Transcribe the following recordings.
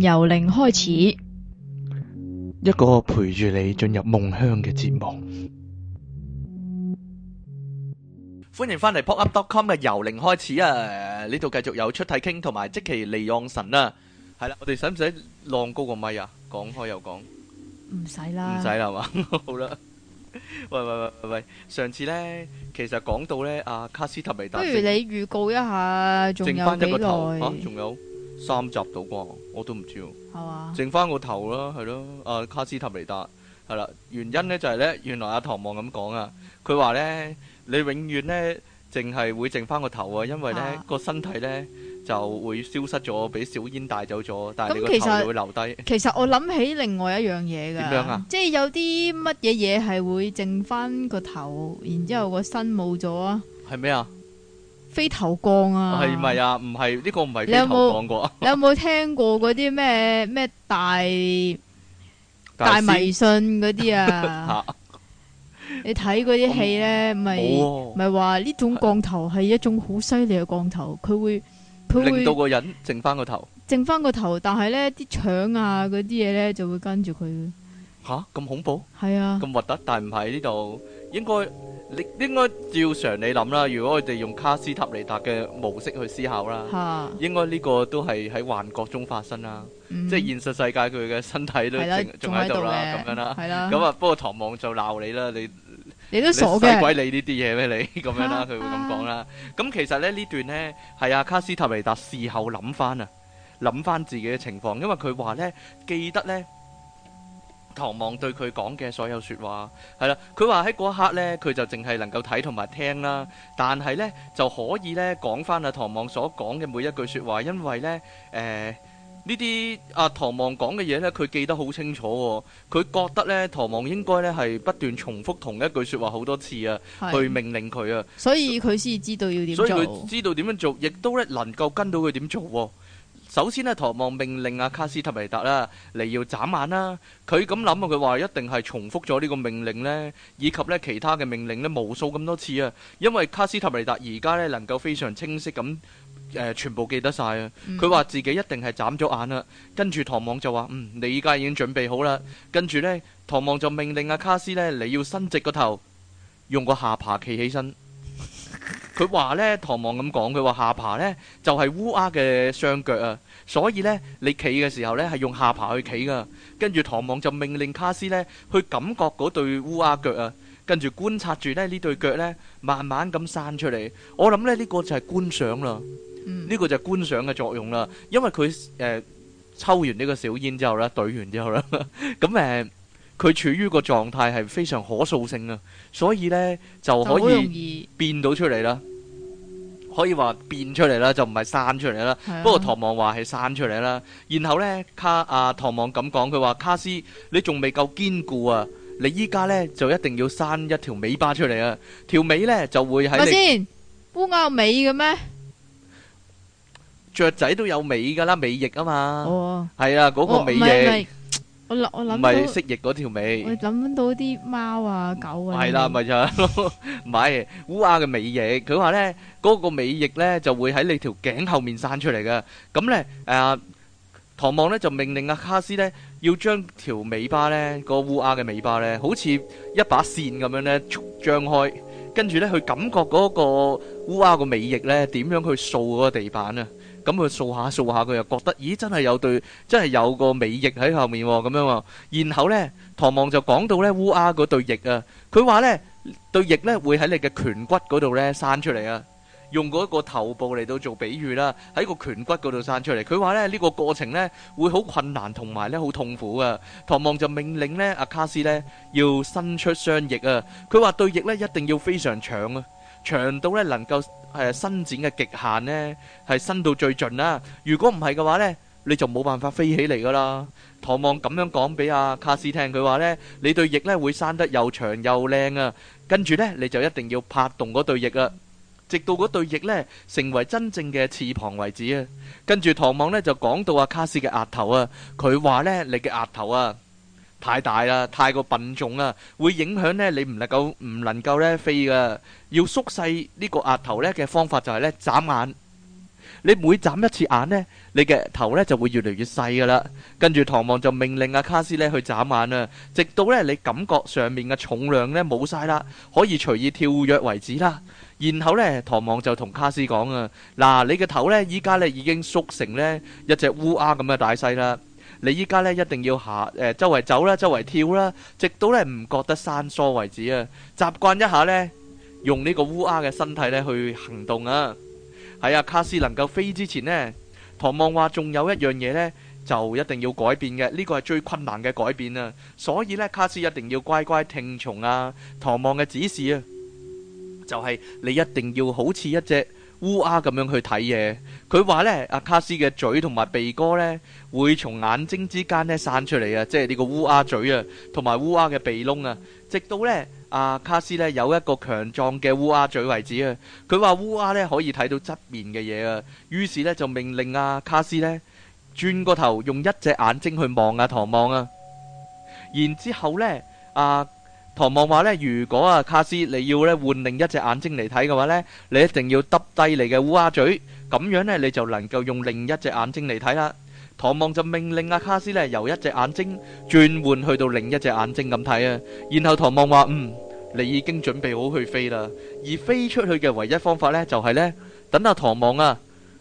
由零開始，一個陪住你進入夢鄉嘅節目。歡迎翻嚟 popup.com 嘅由零開始啊！呢度繼續有出體傾同埋即奇利用神啦。係啦，我哋使唔使晾高個咪啊？講開又講，唔使啦，唔使啦嘛。好啦，喂喂喂喂，上次咧其實講到咧阿卡斯特維達，不如你預告一下，仲有幾耐？吓，仲有。三集到啩，我都唔知喎。啊、剩翻個頭咯，係咯。阿、啊、卡斯塔尼達係啦，原因呢就係、是、呢，原來阿、啊、唐望咁講啊，佢話呢，你永遠呢，淨係會剩翻個頭啊，因為呢個、啊、身體呢，就會消失咗，俾小煙帶走咗。但係你個頭會留低、啊。其實我諗起另外一樣嘢㗎。點樣啊？即係有啲乜嘢嘢係會剩翻個頭，然之後個身冇咗啊？係咩啊？飛頭降啊！係咪啊？唔係呢個唔係、啊。你有冇？你有冇聽過嗰啲咩咩大 大迷信嗰啲啊？ 你睇嗰啲戲咧，咪咪話呢種降頭係一種好犀利嘅降頭，佢會佢會令到個人剩翻個頭。剩翻個頭，但係咧啲腸啊嗰啲嘢咧就會跟住佢。吓咁、啊、恐怖？係啊，咁核突，但係唔喺呢度，應該。你應該照常理諗啦，如果佢哋用卡斯塔尼達嘅模式去思考啦，哈應該呢個都係喺幻覺中發生啦，嗯、即係現實世界佢嘅身體都仲喺度啦，咁、嗯、樣啦，咁啊了不過唐望就鬧你啦，你你都傻使鬼理呢啲嘢咩？你咁 樣啦，佢哈會咁講啦。咁、啊、其實咧呢段呢，係啊卡斯塔尼達事後諗翻啊，諗翻自己嘅情況，因為佢話呢，記得呢。唐望對佢講嘅所有說話，係啦，佢話喺嗰一刻呢，佢就淨係能夠睇同埋聽啦，但係呢，就可以呢講翻阿唐望所講嘅每一句說話，因為咧誒呢啲阿唐望講嘅嘢呢，佢、呃啊、記得好清楚、哦，佢覺得呢，唐望應該呢係不斷重複同一句說話好多次啊，的去命令佢啊，所所，所以佢先知道要點做，所以佢知道點樣做，亦都咧能夠跟到佢點做、哦。首先咧，唐望命令阿、啊、卡斯塔梅達啦，你要眨眼啦。佢咁諗啊，佢話一定係重複咗呢個命令呢，以及呢其他嘅命令呢無數咁多次啊。因為卡斯塔梅達而家呢能夠非常清晰咁誒、呃，全部記得晒啊。佢話、嗯、自己一定係眨咗眼啦、啊。跟住唐望就話：嗯，你依家已經準備好啦。跟住、嗯、呢，唐望就命令阿、啊、卡斯咧，你要伸直個頭，用個下巴企起身。佢話咧，唐望咁講，佢話下巴咧就係烏鴉嘅雙腳啊，所以咧你企嘅時候咧係用下巴去企噶，跟住唐望就命令卡斯咧去感覺嗰對烏鴉腳啊，跟住觀察住咧呢對腳咧慢慢咁散出嚟。我諗咧呢、這個就係觀賞啦，呢、嗯、個就係觀賞嘅作用啦，因為佢誒、呃、抽完呢個小煙之後咧，懟完之後咧，咁 誒、嗯。呃佢處於個狀態係非常可塑性啊，所以咧就可以變到出嚟啦，可以話變出嚟啦，就唔係生出嚟啦。不過唐望話係生出嚟啦。然後咧卡阿唐望咁講，佢話卡斯你仲未夠堅固啊，你依家咧就一定要生一條尾巴出嚟啊，條尾咧就會喺。我先烏鴉有尾嘅咩？雀仔都有尾㗎啦，尾翼啊嘛，係啊，嗰個尾翼。我諗我諗到唔係蜥蜴嗰條尾，我諗到啲貓啊狗啊，係啦咪就係咯，唔係烏鴉嘅尾翼。佢話咧嗰個尾翼咧就會喺你條頸後面散出嚟嘅。咁咧誒，唐望咧就命令阿卡斯咧要將條尾巴咧個烏鴉嘅尾巴咧好似一把扇咁樣咧張開，跟住咧佢感覺嗰個烏鴉嘅尾翼咧點樣去掃嗰個地板啊！咁佢掃下掃下，佢又覺得，咦，真係有對，真係有個尾翼喺後面咁、哦、樣喎、哦。然後呢，唐望就講到呢烏鴉嗰對翼啊，佢話呢對翼呢會喺你嘅顴骨嗰度呢生出嚟啊，用嗰一個頭部嚟到做比喻啦，喺個顴骨嗰度生出嚟。佢話呢，呢、這個過程呢會好困難同埋呢好痛苦啊。唐望就命令呢阿卡斯呢要伸出雙翼啊，佢話對翼呢一定要非常長啊。長到呢能夠係伸展嘅極限呢，係伸到最盡啦。如果唔係嘅話呢，你就冇辦法飛起嚟噶啦。唐望咁樣講俾阿卡斯聽，佢話呢，你對翼呢會生得又長又靚啊。跟住呢，你就一定要拍動嗰對翼啊，直到嗰對翼呢成為真正嘅翅膀為止啊。跟住唐望呢就講到阿卡斯嘅額頭啊，佢話呢你嘅額頭啊。太大啦，太過笨重啦，會影響咧你唔能夠唔能夠咧飛噶。要縮細呢個額頭咧嘅方法就係咧眨眼。你每眨一次眼呢，你嘅頭呢就會越嚟越細噶啦。跟住唐望就命令阿、啊、卡斯呢去眨眼啦，直到呢你感覺上面嘅重量呢冇晒啦，可以隨意跳躍為止啦。然後呢，唐望就同卡斯講啊，嗱你嘅頭呢，依家呢已經縮成呢一隻烏鴉咁嘅大細啦。你依家咧一定要下誒、呃、周圍走啦，周圍跳啦，直到咧唔覺得生疏為止啊！習慣一下咧，用呢個烏鴉嘅身體咧去行動啊！係啊，卡斯能夠飛之前咧，唐望話仲有一樣嘢呢，就一定要改變嘅，呢、這個係最困難嘅改變啊！所以呢，卡斯一定要乖乖聽從啊唐望嘅指示啊！就係、是、你一定要好似一隻。烏鴉咁樣去睇嘢，佢話呢，阿卡斯嘅嘴同埋鼻哥呢，會從眼睛之間呢散出嚟啊，即係呢個烏鴉嘴啊，同埋烏鴉嘅鼻窿啊，直到呢，阿卡斯呢有一個強壯嘅烏鴉嘴為止啊。佢話烏鴉呢可以睇到側面嘅嘢啊，於是呢就命令阿卡斯呢轉個頭，用一隻眼睛去望啊，唐望啊，然之後呢阿。啊唐望話呢，如果啊卡斯你要咧換另一隻眼睛嚟睇嘅話呢，你一定要耷低你嘅烏鴉嘴，咁樣呢你就能夠用另一隻眼睛嚟睇啦。唐望就命令阿、啊、卡斯呢由一隻眼睛轉換去到另一隻眼睛咁睇啊。然後唐望話嗯，你已經準備好去飛啦，而飛出去嘅唯一方法呢，就係、是、呢等阿唐望啊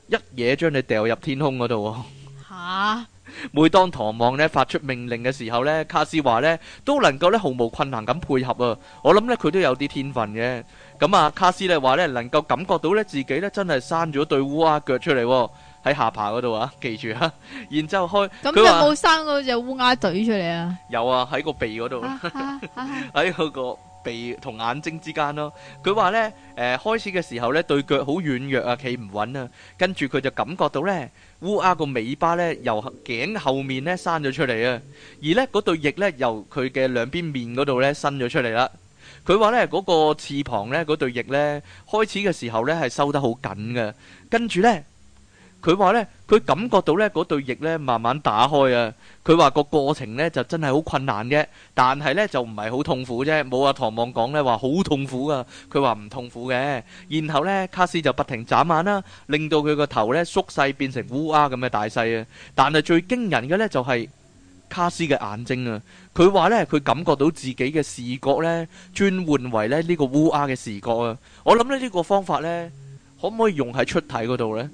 一嘢將你掉入天空嗰度、哦。吓！每當唐望咧發出命令嘅時候咧，卡斯話咧都能夠咧毫無困難咁配合啊！我諗咧佢都有啲天分嘅。咁、嗯、啊，卡斯咧話咧能夠感覺到咧自己咧真係生咗對烏鴉腳出嚟喎、啊，喺下巴嗰度啊！記住啊，然之後開咁就冇生嗰隻烏鴉嘴出嚟啊！有啊，喺個鼻嗰度，喺、 嗰個鼻同眼睛之間咯，佢話呢，誒、呃、開始嘅時候呢，對腳好軟弱啊，企唔穩啊，跟住佢就感覺到呢，烏鴉個尾巴呢，由頸後面呢，生咗出嚟啊，而呢，嗰對翼呢，由佢嘅兩邊面嗰度、啊、呢，伸咗出嚟啦，佢話呢，嗰個翅膀呢，嗰對翼呢，開始嘅時候呢，係收得好緊嘅，跟住呢。佢話呢，佢感覺到呢，嗰對翼呢，慢慢打開啊！佢話個過程呢，就真係好困難嘅，但係呢就唔係好痛苦啫。冇阿、啊、唐望講呢，話好痛苦啊！佢話唔痛苦嘅。然後呢，卡斯就不停眨眼啦、啊，令到佢個頭呢，縮細變成烏鴉咁嘅大細啊！但係最驚人嘅呢就係、是、卡斯嘅眼睛啊！佢話呢，佢感覺到自己嘅視覺呢，轉換為呢呢個烏鴉嘅視覺啊！我諗呢呢、呢個方法呢，可唔可以用喺出體嗰度呢？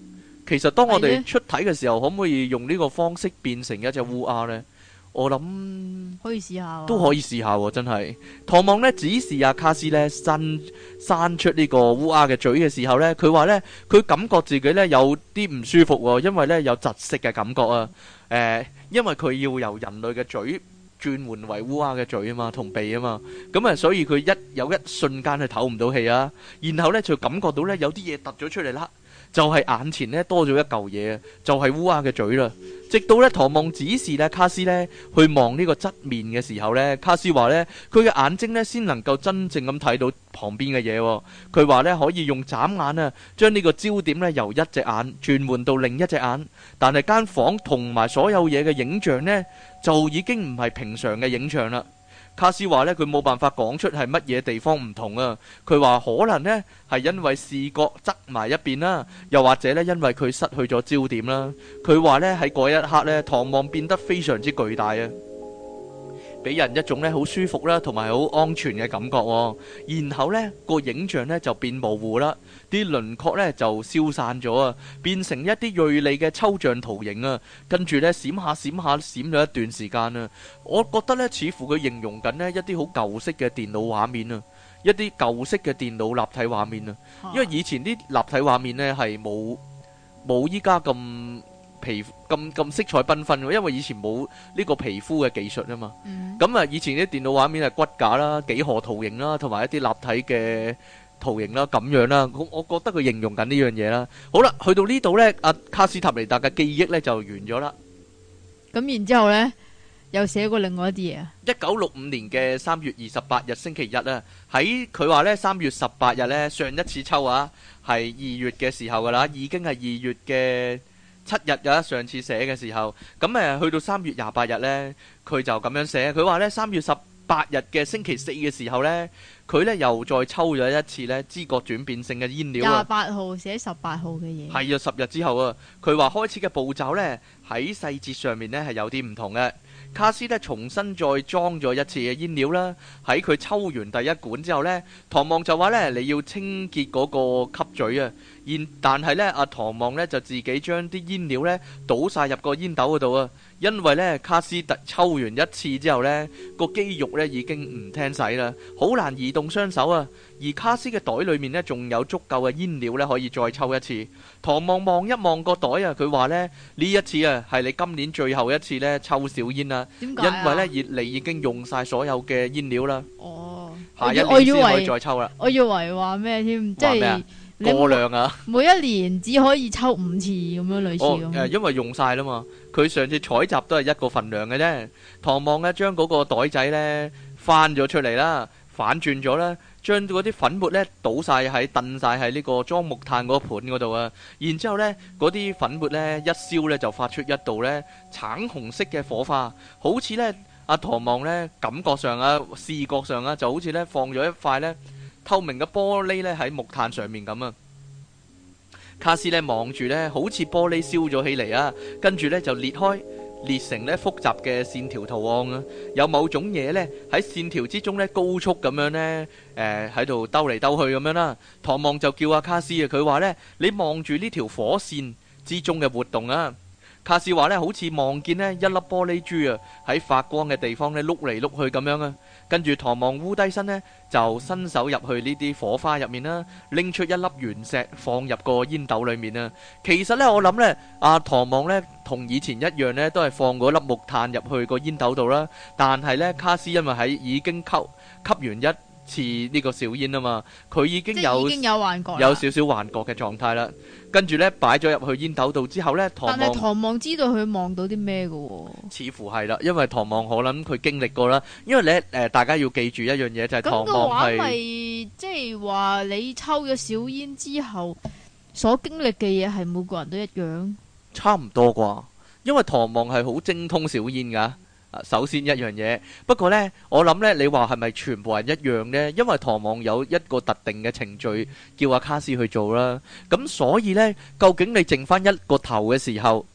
其實當我哋出體嘅時候，呢可唔可以用呢個方式變成一隻烏鴉呢？我諗可以試下，都可以試下、啊，真係。唐望呢，指示阿、啊、卡斯咧伸伸出呢個烏鴉嘅嘴嘅時候呢，佢話呢，佢感覺自己呢有啲唔舒服、啊，因為呢有窒息嘅感覺啊。誒、呃，因為佢要由人類嘅嘴轉換為烏鴉嘅嘴啊嘛，同鼻啊嘛，咁啊，所以佢一有一瞬間係唞唔到氣啊，然後呢，就感覺到呢有啲嘢突咗出嚟啦。就係眼前咧多咗一嚿嘢，就係烏鴉嘅嘴啦。直到咧，唐望指示咧卡斯咧去望呢個側面嘅時候咧，卡斯話咧佢嘅眼睛咧先能夠真正咁睇到旁邊嘅嘢哦。佢話咧可以用眨眼啊，將呢個焦點咧由一隻眼轉換到另一隻眼，但係間房同埋所有嘢嘅影像呢，就已經唔係平常嘅影像啦。卡斯話咧，佢冇辦法講出係乜嘢地方唔同啊！佢話可能呢係因為視覺側埋一邊啦，又或者咧因為佢失去咗焦點啦。佢話咧喺嗰一刻咧，唐望變得非常之巨大啊！俾人一種咧好舒服啦，同埋好安全嘅感覺。然後呢個影像呢就變模糊啦，啲輪廓呢就消散咗啊，變成一啲銳利嘅抽象圖形啊。跟住呢閃下閃下閃咗一段時間啊。我覺得呢似乎佢形容緊呢一啲好舊式嘅電腦畫面啊，一啲舊式嘅電腦立體畫面啊。因為以前啲立體畫面呢係冇冇依家咁。皮咁咁色彩繽紛，因為以前冇呢個皮膚嘅技術啊嘛。咁啊，以前啲電腦畫面係骨架啦、幾何圖形啦，同埋一啲立體嘅圖形啦，咁樣啦。咁我覺得佢形容緊呢樣嘢啦。好啦，去到呢度咧，阿卡斯塔尼達嘅記憶咧就完咗啦。咁然之後咧，又寫過另外一啲嘢。一九六五年嘅三月二十八日星期一啦，喺佢話咧，三月十八日咧，上一次抽啊係二月嘅時候噶啦，已經係二月嘅。七日有得上次寫嘅時候，咁、嗯、誒去到三月廿八日呢，佢就咁樣寫。佢話呢，三月十八日嘅星期四嘅時候呢，佢呢又再抽咗一次呢知覺轉變性嘅煙料。廿八號寫十八號嘅嘢，係啊，十日之後啊，佢話開始嘅步驟呢，喺細節上面呢係有啲唔同嘅。卡斯呢重新再裝咗一次嘅煙料啦、啊，喺佢抽完第一管之後呢，唐望就話呢：「你要清潔嗰個吸嘴啊。」但係咧，阿唐望咧就自己將啲煙料咧倒晒入個煙斗嗰度啊！因為咧卡斯特抽完一次之後咧，個肌肉咧已經唔聽使啦，好難移動雙手啊！而卡斯嘅袋裏面咧仲有足夠嘅煙料咧，可以再抽一次。唐望望一望個袋啊，佢話咧呢一次啊係你今年最後一次咧抽小煙啦，因為咧你已經用晒所有嘅煙料啦。哦，下一次先可以再抽啦。我以為話咩添？即係。過量啊！每一年只可以抽五次咁樣，類似咁。誒，因為用晒啦嘛，佢上次採集都係一個份量嘅啫。唐望咧將嗰個袋仔咧翻咗出嚟啦，反轉咗啦，將嗰啲粉末咧倒晒喺燉晒喺呢個裝木炭嗰個盤嗰度啊。然之後咧，嗰啲粉末咧一燒咧就發出一道咧橙紅色嘅火花，好似咧阿唐望咧感覺上啊，視覺上啊，就好似咧放咗一塊咧。透明嘅玻璃咧喺木炭上面咁啊，卡斯咧望住咧，好似玻璃燒咗起嚟啊，跟住咧就裂開，裂成咧複雜嘅線條圖案啊，有某種嘢咧喺線條之中咧高速咁樣咧，誒喺度兜嚟兜去咁樣啦。唐望就叫阿卡斯啊，佢話咧，你望住呢條火線之中嘅活動啊，卡斯話咧好似望見咧一粒玻璃珠啊，喺發光嘅地方咧碌嚟碌去咁樣啊。跟住唐望烏低身呢，就伸手入去呢啲火花入面啦，拎出一粒原石放入個煙斗裏面啊。其實呢，我諗呢，阿、啊、唐望呢，同以前一樣呢，都係放嗰粒木炭入去個煙斗度啦。但係呢，卡斯因為喺已經吸吸完一。似呢個小煙啊嘛，佢已經有已經有幻覺，有少少幻覺嘅狀態啦。跟住呢，擺咗入去煙斗度之後呢，但係唐望知道佢望到啲咩㗎喎？似乎係啦，因為唐望可能佢經歷過啦。因為咧誒、呃，大家要記住一樣嘢就係、是、唐望係，即係話、就是、你抽咗小煙之後所經歷嘅嘢係每個人都一樣，差唔多啩。因為唐望係好精通小煙㗎。首先一樣嘢，不過呢，我諗呢，你話係咪全部人一樣呢？因為唐望有一個特定嘅程序叫阿卡斯去做啦，咁所以呢，究竟你剩翻一個頭嘅時候，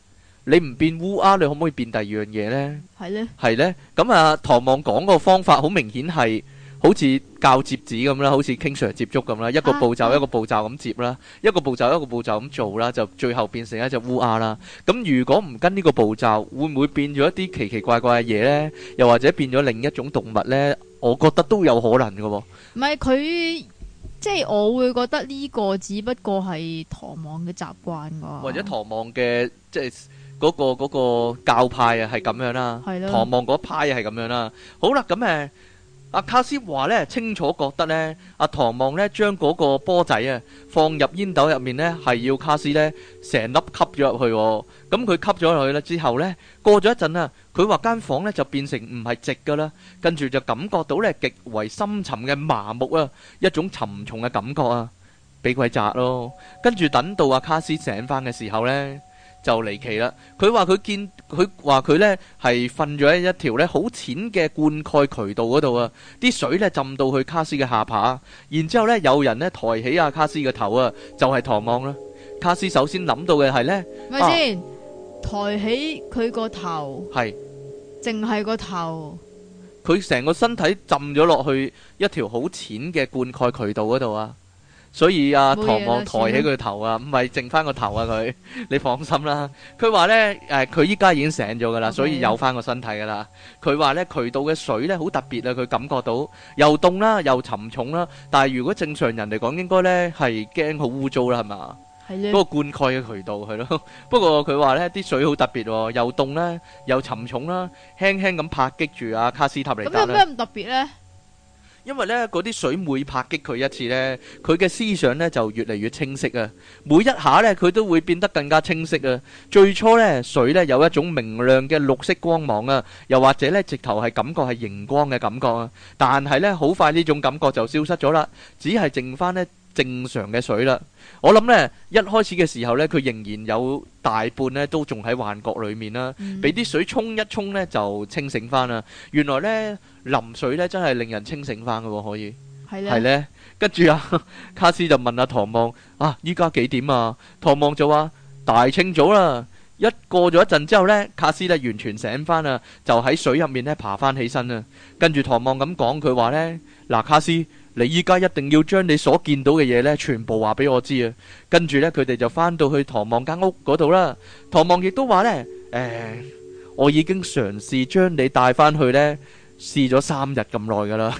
你唔變烏鴉，啊，你可唔可以變第二樣嘢呢？係呢？係呢？咁啊，唐望講個方法好明顯係。好似教摺紙咁啦，好似經常接觸咁啦，一個步驟一個步驟咁接啦，啊、一個步驟一個步驟咁做啦，就最後變成一隻烏鴉啦。咁如果唔跟呢個步驟，會唔會變咗一啲奇奇怪怪嘅嘢呢？又或者變咗另一種動物呢？我覺得都有可能嘅喎。唔係佢，即係我會覺得呢個只不過係唐望嘅習慣、啊、或者唐望嘅即係嗰、那個嗰、那個教派啊，係咁、嗯、樣啦。唐望嗰派係咁樣啦。好啦，咁誒。阿、啊、卡斯話咧，清楚覺得咧，阿、啊、唐望咧將嗰個波仔啊放入煙斗入面咧，係要卡斯咧成粒吸咗入去、哦。咁、嗯、佢吸咗入去啦之後咧，過咗一陣啊，佢話間房咧就變成唔係直㗎喇，跟住就感覺到咧極為深沉嘅麻木啊，一種沉重嘅感覺啊，俾鬼砸咯。跟住等到阿、啊、卡斯醒返嘅時候咧。就離奇啦！佢話佢見，佢話佢呢，係瞓咗喺一條呢好淺嘅灌溉渠道嗰度啊！啲水呢，浸到去卡斯嘅下巴，然之後呢，有人呢，抬起阿、啊、卡斯嘅頭啊！就係、是、唐望啦！卡斯首先諗到嘅係呢，咪先等、啊、抬起佢個頭？係是，淨係個頭。佢成個身體浸咗落去一條好淺嘅灌溉渠道嗰度啊！所以阿唐望抬起佢頭啊，唔係了剩翻個頭啊佢， 你放心啦。佢話咧，誒、啊，佢依家已經醒咗噶啦， 所以有翻個身體噶啦。佢話咧，渠道嘅水咧好特別啊，佢感覺到又凍啦、啊，又沉重啦、啊。但係如果正常人嚟講，應該咧係驚好污糟啦，係咪？係咧的。個灌溉嘅渠道係咯， 不過佢話咧啲水好特別、啊，又凍啦、啊，又沉重啦、啊，輕輕咁拍擊住啊卡斯塔嚟。 咁有咩唔特別咧？因為咧嗰啲水每拍擊佢一次咧，佢嘅思想咧就越嚟越清晰啊！每一下咧，佢都會變得更加清晰啊！最初咧，水咧有一種明亮嘅綠色光芒啊，又或者咧，直頭係感覺係熒光嘅感覺啊！但係咧，好快呢種感覺就消失咗啦，只係剩翻呢。正常嘅水啦，我諗咧一開始嘅時候咧，佢仍然有大半咧都仲喺幻覺裏面啦，俾啲水沖一沖咧就清醒翻啦。原來咧淋水咧真係令人清醒翻噶，可以係咧。跟住啊，卡斯就問阿唐望啊，依家幾點啊？唐望就話大清早啦。一過咗一陣之後咧，卡斯咧完全醒翻啦，就喺水入面咧爬翻起身啦。跟住唐望咁講，佢話咧，嗱，卡斯。你依家一定要將你所見到嘅嘢咧，全部話俾我知啊！跟住咧，佢哋就翻到去唐望間屋嗰度啦。唐望亦都話咧，誒，我已經嘗試將你帶翻去咧，試咗三日咁耐噶啦，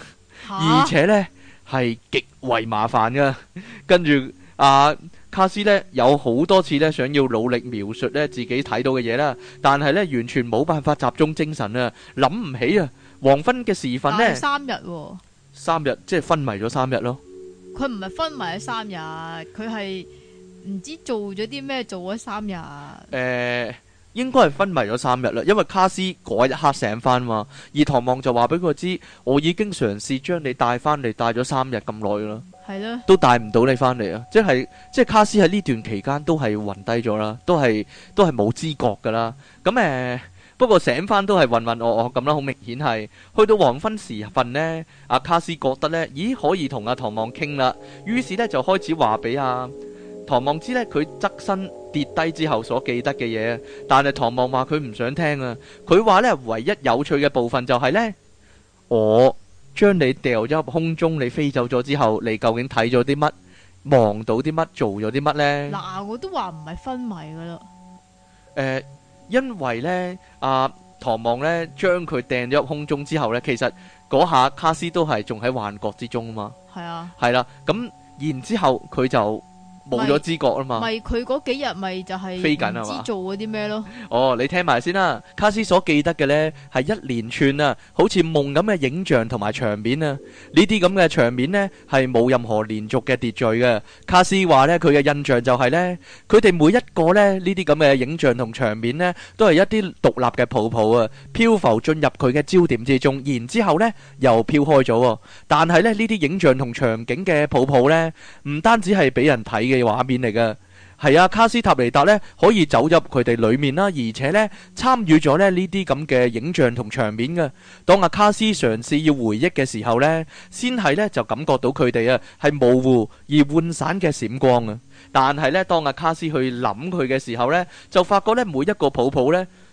而且咧係極為麻煩噶。跟住阿卡斯咧，有好多次咧，想要努力描述咧自己睇到嘅嘢啦，但係咧完全冇辦法集中精神啊，諗唔起啊！黃昏嘅時分咧，三日。三日即係昏迷咗三日咯，佢唔係昏迷咗三日，佢係唔知做咗啲咩做咗三日。誒、呃，應該係昏迷咗三日啦，因為卡斯嗰一刻醒翻嘛，而唐望就話俾佢知，我已經嘗試將你帶翻嚟，帶咗三日咁耐咯，係咯的，都帶唔到你翻嚟啊！即係即係卡斯喺呢段期間都係暈低咗啦，都係都係冇知覺噶啦，咁誒、呃。不過醒返都係渾渾噩噩咁啦，好、哦哦、明顯係去到黃昏時分呢，阿卡斯覺得呢，咦可以同阿唐望傾啦，於是呢，就開始話俾阿唐望知呢，佢側身跌低之後所記得嘅嘢，但係唐望話佢唔想聽啊，佢話呢，唯一有趣嘅部分就係呢：「我將你掉咗入空中，你飛走咗之後，你究竟睇咗啲乜，望到啲乜，做咗啲乜呢？」嗱，我都話唔係昏迷噶啦，誒、欸。因為咧，阿、啊、唐望咧將佢掟咗入空中之後咧，其實嗰下卡斯都係仲喺幻覺之中啊嘛。係啊，係啦，咁然之後佢就，冇咗知覺啊嘛，唔係佢嗰幾日咪就係飛緊啊嘛，知做嗰啲咩咯？哦，你聽埋先啦，卡斯所記得嘅咧係一連串啊，好似夢咁嘅影像同埋場面啊，呢啲咁嘅場面咧係冇任何連續嘅秩序嘅。卡斯話咧佢嘅印象就係咧，佢哋每一個咧呢啲咁嘅影像同場面咧都係一啲獨立嘅泡泡啊，漂浮進入佢嘅焦點之中，然之後咧又漂開咗。但係咧呢啲影像同場景嘅泡泡咧唔單止係俾人睇嘅。嘅畫面嚟嘅，係啊，卡斯塔尼達呢可以走入佢哋裏面啦，而且呢參與咗咧呢啲咁嘅影像同場面嘅。當阿、啊、卡斯嘗試要回憶嘅時候呢，先係呢就感覺到佢哋啊係模糊而渙散嘅閃光啊。但係呢，當阿、啊、卡斯去諗佢嘅時候呢，就發覺呢每一個泡泡呢。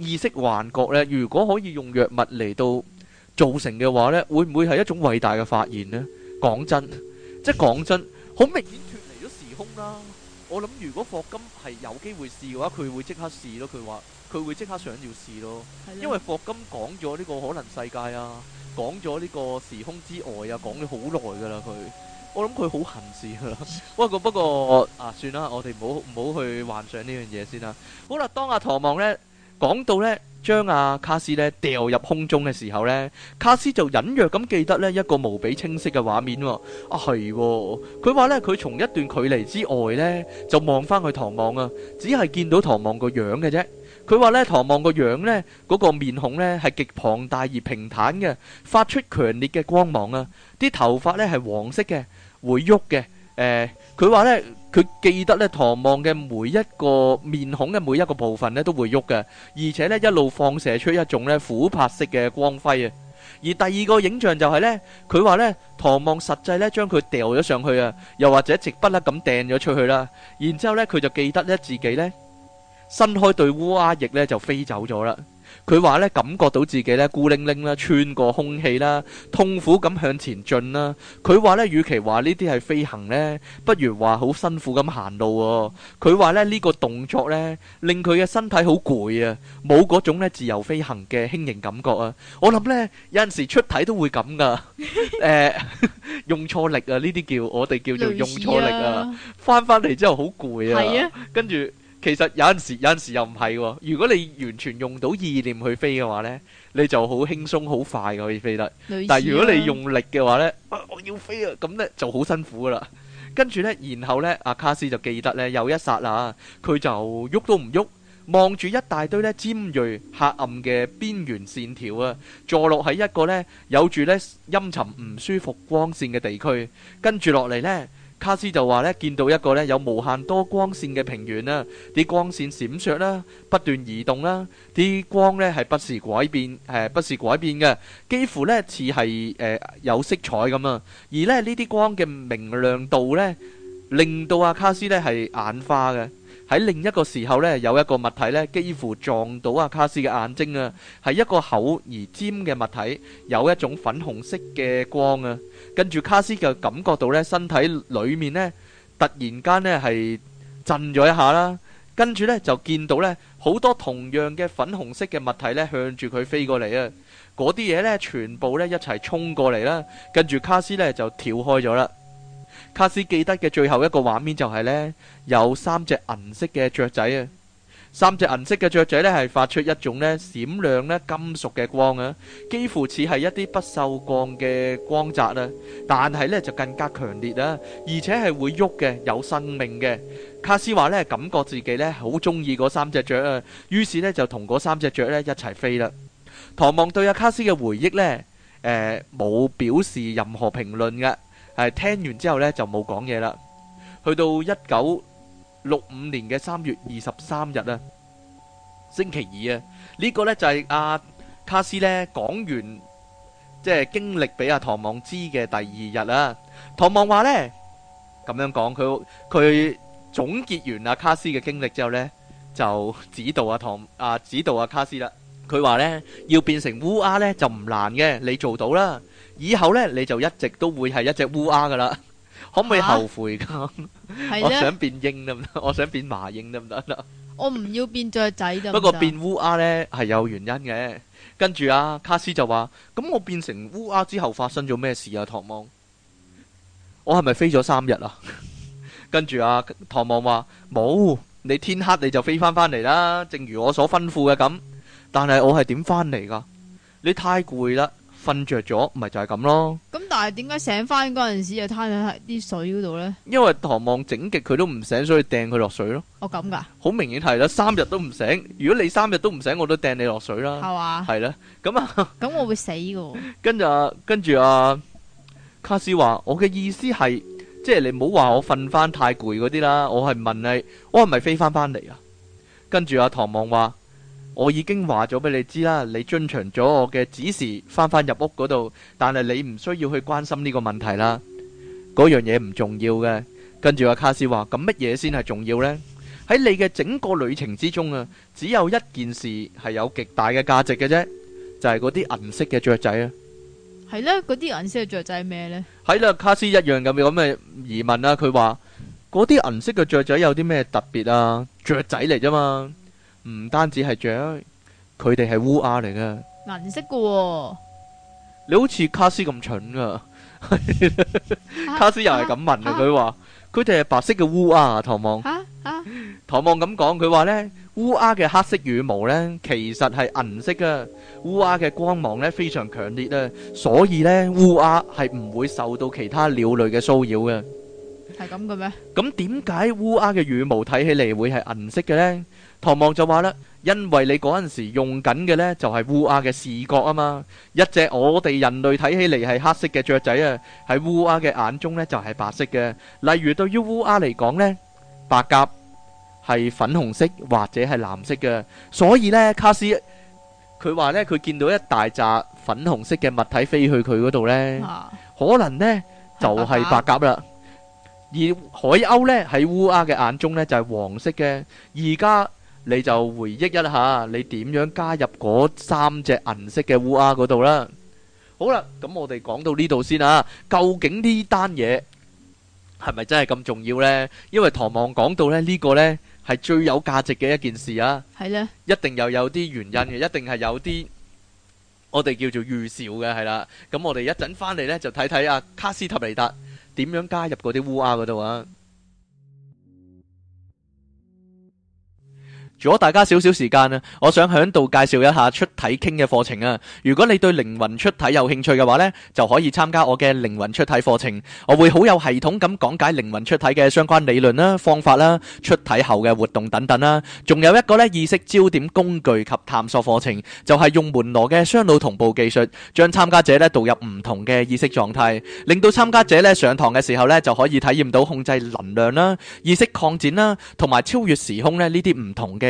意識幻覺咧，如果可以用藥物嚟到造成嘅話咧，會唔會係一種偉大嘅發現咧？講真，即係講真，好明顯脫離咗時空啦。我諗如果霍金係有機會試嘅話，佢會即刻試咯。佢話佢會即刻想要試咯，因為霍金講咗呢個可能世界啊，講咗呢個時空之外啊，講咗好耐噶啦。佢，我諗佢好行事噶啦。不過不過啊，算啦，我哋唔好唔好去幻想呢樣嘢先啦。好啦，當阿唐望咧。講到咧，將阿、啊、卡斯咧掉入空中嘅時候呢，卡斯就隱約咁記得咧一個無比清晰嘅畫面喎、哦。啊係，佢話、哦、呢，佢從一段距離之外呢，就望翻去唐望啊、哦，只係見到唐望個樣嘅啫。佢話呢，唐望個樣呢，嗰、那個面孔呢，係極龐大而平坦嘅，發出強烈嘅光芒啊！啲頭髮呢，係黃色嘅，會喐嘅。誒、呃，佢話呢。佢記得咧，唐望嘅每一個面孔嘅每一個部分咧，都會喐嘅，而且咧一路放射出一種咧琥珀色嘅光輝啊！而第二個影像就係、是、咧，佢話咧，唐望實際咧將佢掉咗上去啊，又或者直不甩咁掟咗出去啦，然之後咧佢就記得咧自己咧伸開對烏鴉翼咧就飛走咗啦。佢話咧，感覺到自己咧孤零零啦，穿過空氣啦，痛苦咁向前進啦。佢話咧，與其話呢啲係飛行咧，不如話好辛苦咁行路。佢話咧，呢個動作咧，令佢嘅身體好攰啊，冇嗰種咧自由飛行嘅輕盈感覺啊。我諗咧，有陣時出體都會咁噶。誒， 用錯力啊，呢啲叫我哋叫做用錯力啊。翻翻嚟之後好攰啊，係啊，跟住。其實有陣時有陣時又唔係喎。如果你完全用到意念去飛嘅話呢，你就好輕鬆好快嘅可以飛得。啊、但係如果你用力嘅話呢、啊，我要飛啊，咁呢就好辛苦㗎啦。跟住呢，然後呢，阿卡斯就記得呢，有一剎那，佢就喐都唔喐，望住一大堆呢尖銳黑暗嘅邊緣線條啊，坐落喺一個呢有住呢陰沉唔舒服光線嘅地區，跟住落嚟呢。卡斯就話咧，見到一個咧有無限多光線嘅平原啦，啲光線閃爍啦，不斷移動啦，啲光咧係不時改變，誒不時改變嘅，幾乎咧似係誒有色彩咁啊！而咧呢啲光嘅明亮度咧，令到阿卡斯咧係眼花嘅。喺另一個時候，呢有一個物體呢幾乎撞到阿卡斯嘅眼睛啊！係一個厚而尖嘅物體，有一種粉紅色嘅光啊！跟住卡斯就感覺到呢身體裏面呢突然間呢係震咗一下啦，跟住呢就見到呢好多同樣嘅粉紅色嘅物體呢向住佢飛過嚟啊！嗰啲嘢呢全部呢一齊衝過嚟啦，跟住卡斯呢就跳開咗啦。卡斯記得嘅最後一個畫面就係呢，有三隻銀色嘅雀仔。三隻銀色嘅雀仔呢係，發出一種閃亮金屬嘅光，幾乎似係一啲不鏽鋼嘅光澤，但係呢更加強烈，而且係會喐嘅，有生命嘅。卡斯話呢，感覺自己好中意嗰三隻雀，於是呢就同嗰三隻雀一齊飛啦。唐望對阿卡斯嘅回憶呢，誒冇表示任何評論嘅係聽完之後呢，就冇講嘢啦。去到一九六五年嘅三月二十三日啦，星期二，這個，啊，呢個呢，就係阿卡斯呢講完即係經歷俾阿唐望知嘅第二日啦。唐望話呢，咁樣講，佢佢總結完阿，啊、卡斯嘅經歷之後呢，就指導阿，啊、唐啊，指導阿，啊、卡斯啦。佢話呢，要變成烏鴉呢，就唔難嘅，你做到啦。以後呢，你就一直都會係一隻烏鴉噶啦，可唔可以後悔噶？我想變鷹得唔得？ 我想變麻鷹得唔得？我唔要變雀仔。不過變烏鴉呢係有原因嘅。跟住阿卡斯就話：咁我變成烏鴉之後發生咗咩事啊？唐望，我係咪飛咗三日啊？跟住啊，唐望話：冇，你天黑你就飛翻翻嚟啦，正如我所吩咐嘅咁。但係我係點翻嚟噶？你太攰啦。瞓著咗，咪就係咁咯。咁但係點解醒翻嗰陣時就攤喺啲水嗰度呢？因為唐望整極佢都唔醒，所以掟佢落水咯。哦，咁噶。好明顯係啦，三日都唔醒。如果你三日都唔醒，我都掟你落水啦。係嘛？係啦。咁啊？咁我會死噶。跟住啊，跟住阿卡斯話：我嘅意思係，即係你唔好話我瞓翻太攰嗰啲啦。我係問你，我係咪飛翻翻嚟啊？跟住阿唐望話。我已經話咗俾你知啦，你遵從咗我嘅指示，翻返入屋嗰度，但係你唔需要去關心呢個問題啦，嗰樣嘢唔重要嘅。跟住阿卡斯話，咁乜嘢先係重要呢？喺你嘅整個旅程之中啊，只有一件事係有極大嘅價值嘅啫，就係嗰啲銀色嘅雀仔啊。係啦，嗰啲銀色嘅雀仔咩呢？係啦，卡斯一樣咁有咩疑問啊？佢話嗰啲銀色嘅雀仔有啲咩特別啊？雀仔嚟啫嘛。唔單止係雀，佢哋係烏鴉嚟嘅，銀色嘅。你好似卡斯咁蠢噶，卡斯又係咁問啊。佢話佢哋係白色嘅烏鴉啊，唐望。啊啊！唐望咁講，佢話咧，烏鴉嘅黑色羽毛咧，其實係銀色嘅。烏鴉嘅光芒咧非常強烈啊，所以咧，烏鴉係唔會受到其他鳥類嘅騷擾嘅。係咁嘅咩？咁點解烏鴉嘅羽毛睇起嚟，會係銀色嘅咧？唐望就話啦，因為你嗰陣時用緊嘅，咧就係烏鴉嘅視覺啊嘛，一隻我哋人類睇起嚟係黑色嘅雀仔啊，喺烏鴉嘅眼中咧就係白色嘅。例如對於烏鴉嚟講咧，白鴿係粉紅色或者係藍色嘅，所以咧卡斯佢話咧佢見到一大紮粉紅色嘅物體飛去佢嗰度咧，可能咧就係白鴿啦。而海鷗咧喺烏鴉嘅眼中咧就係黃色嘅，而家。你就回憶一下，你點樣加入嗰三隻銀色嘅烏鴉嗰度啦？好啦，咁我哋講到呢度先啊。究竟呢單嘢係咪真係咁重要呢？因為唐望講到呢呢個呢，係最有價值嘅一件事啊。係咧的，一定又有啲原因嘅，一定係有啲我哋叫做預兆嘅係啦。咁我哋一陣翻嚟呢，就睇睇阿卡斯塔尼達點樣加入嗰啲烏鴉嗰度啊。如果大家少少時間啊，我想喺度介紹一下出體傾嘅課程啊！如果你對靈魂出體有興趣嘅話咧，就可以參加我嘅靈魂出體課程。我會好有系統咁講解靈魂出體嘅相關理論啦、方法啦、出體後嘅活動等等啦。仲有一個咧意識焦點工具及探索課程，就係用門羅嘅雙腦同步技術，將參加者咧導入唔同嘅意識狀態，令到參加者咧上堂嘅時候咧就可以體驗到控制能量啦、意識擴展啦，同埋超越時空咧呢啲唔同嘅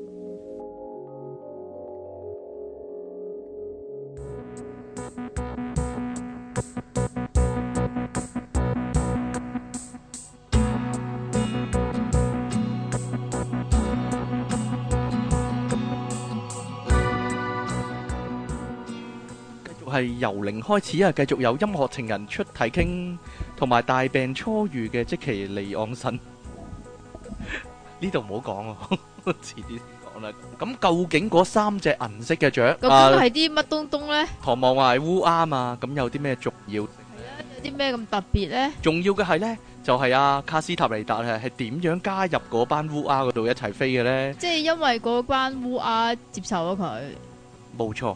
係由零開始啊！繼續有音樂情人出題傾，同埋大病初愈嘅即其利昂信，呢度唔好講哦，遲啲講啦。咁究竟嗰三隻銀色嘅雀，究竟係啲乜東東咧？唐望話係烏鴉嘛？咁有啲咩重要？係啊，有啲咩咁特別咧？重要嘅係咧，就係阿卡斯塔尼達咧，係點樣加入嗰班烏鴉嗰度一齊飛嘅咧？即係因為嗰班烏鴉接受咗佢，冇錯。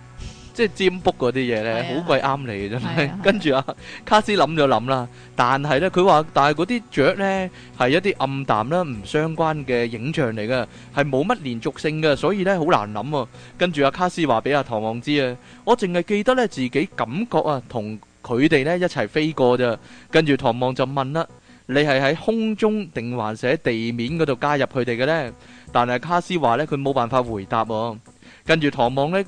即係占卜嗰啲嘢呢，好鬼啱你嘅。真係。啊、跟住阿、啊、卡斯諗咗諗啦，但係呢，佢話，但係嗰啲雀呢，係一啲暗淡啦，唔相關嘅影像嚟嘅，係冇乜連續性嘅，所以呢，好難諗、啊。跟住阿、啊、卡斯話俾阿唐望知啊，我淨係記得呢，自己感覺啊，同佢哋呢一齊飛過咋。跟住唐望就問啦：你係喺空中定還是喺地面嗰度加入佢哋嘅呢？」但係卡斯話呢，佢冇辦法回答、啊。跟住唐望呢。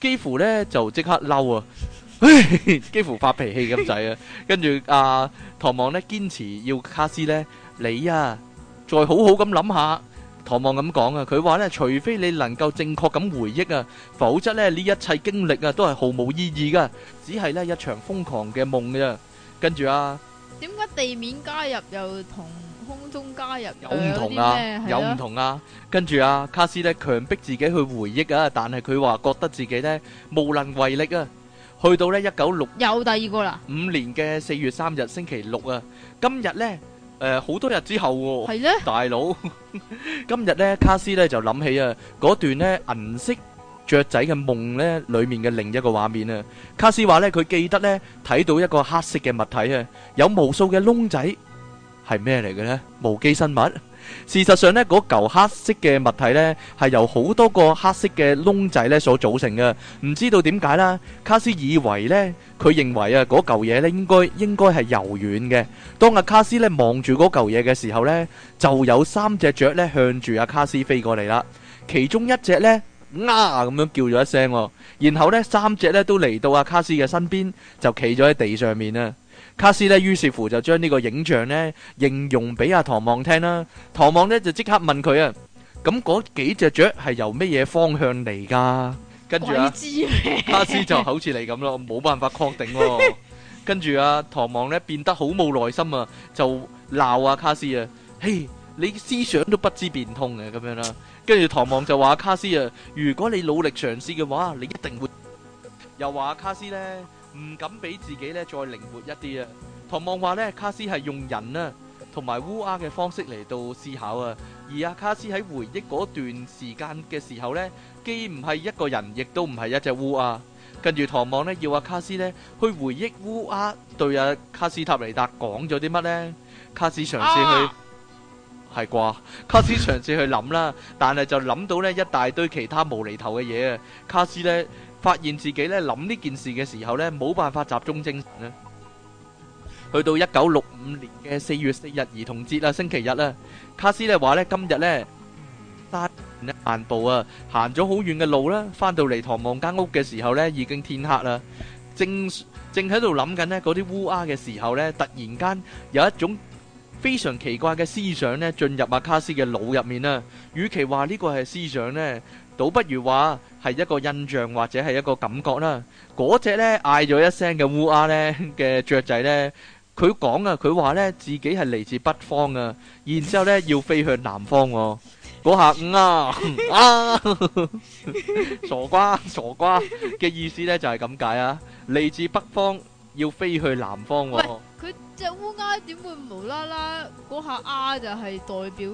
幾乎咧就即刻嬲啊！幾乎發脾氣咁滯啊！跟住啊，唐望咧堅持要卡斯咧，你啊再好好咁諗下，唐望咁講啊！佢話咧，除非你能夠正確咁回憶啊，否則咧呢一切經歷啊都係毫無意義噶，只係咧一場瘋狂嘅夢噶。跟住啊，點解地面加入又同？空中加入有唔同啊，有唔同啊。跟住啊，卡斯呢強逼自己去回憶啊，但係佢話覺得自己呢無能為力啊。去到呢一九六，有第二個啦。五年嘅四月三日星期六啊，今日呢誒好多日之後喎，係呢大佬。今日呢卡斯呢就諗起啊嗰段呢銀色雀仔嘅夢呢裏面嘅另一個畫面啊。卡斯話呢佢記得呢睇到一個黑色嘅物體啊，有無數嘅窿仔。係咩嚟嘅咧？無機生物。事實上咧，嗰嚿黑色嘅物體咧，係由好多個黑色嘅窿仔咧所組成嘅。唔知道點解啦。卡斯以為咧，佢認為啊，嗰嚿嘢咧應該應該係柔軟嘅。當阿卡斯咧望住嗰嚿嘢嘅時候咧，就有三隻雀咧向住阿卡斯飛過嚟啦。其中一隻咧啊咁樣叫咗一聲，然後咧三隻咧都嚟到阿卡斯嘅身邊，就企咗喺地上面啦。卡斯咧，於是乎就將呢個影像呢形容俾阿唐望聽啦。唐望呢，就即刻問佢啊：咁嗰幾隻雀係由咩嘢方向嚟㗎？跟住啊，卡斯就好似你咁咯，冇 辦法確定喎、哦。跟住啊，唐望呢，變得好冇耐心啊，就鬧阿、啊、卡斯啊：嘿、hey，你思想都不知變通嘅咁樣啦、啊。跟住唐望就話、啊、卡斯啊，如果你努力嘗試嘅話，你一定會。又話阿、啊、卡斯呢。」唔敢俾自己咧再靈活一啲啊！唐望話咧，卡斯係用人啊同埋烏鴉嘅方式嚟到思考啊。而阿、啊、卡斯喺回憶嗰段時間嘅時候咧，既唔係一個人，亦都唔係一隻烏鴉。跟住唐望咧要阿、啊、卡斯咧去回憶烏鴉對阿、啊、卡斯塔尼達講咗啲乜呢？卡斯嘗試去係啩、啊啊？卡斯嘗試去諗啦，但係就諗到咧一大堆其他無厘頭嘅嘢啊！卡斯咧。發現自己咧諗呢件事嘅時候咧，冇辦法集中精神咧。去到一九六五年嘅四月四日兒童節啊，星期日啦，卡斯咧話咧今日咧，散步啊，行咗好遠嘅路啦，翻到嚟唐望間屋嘅時候咧，已經天黑啦。正正喺度諗緊咧嗰啲烏鴉嘅時候咧，突然間有一種非常奇怪嘅思想咧進入阿卡斯嘅腦入面啦。與其話呢個係思想咧。倒不如話係一個印象或者係一個感覺啦。嗰隻呢，嗌咗一聲嘅烏鴉呢嘅雀仔呢，佢講啊，佢話呢自己係嚟自北方啊，然之後呢要飛向南方。嗰下啊啊，傻瓜傻瓜嘅意思呢就係咁解啊，嚟自北方要飛去南方。佢隻烏鴉點會無啦啦嗰下啊就係代表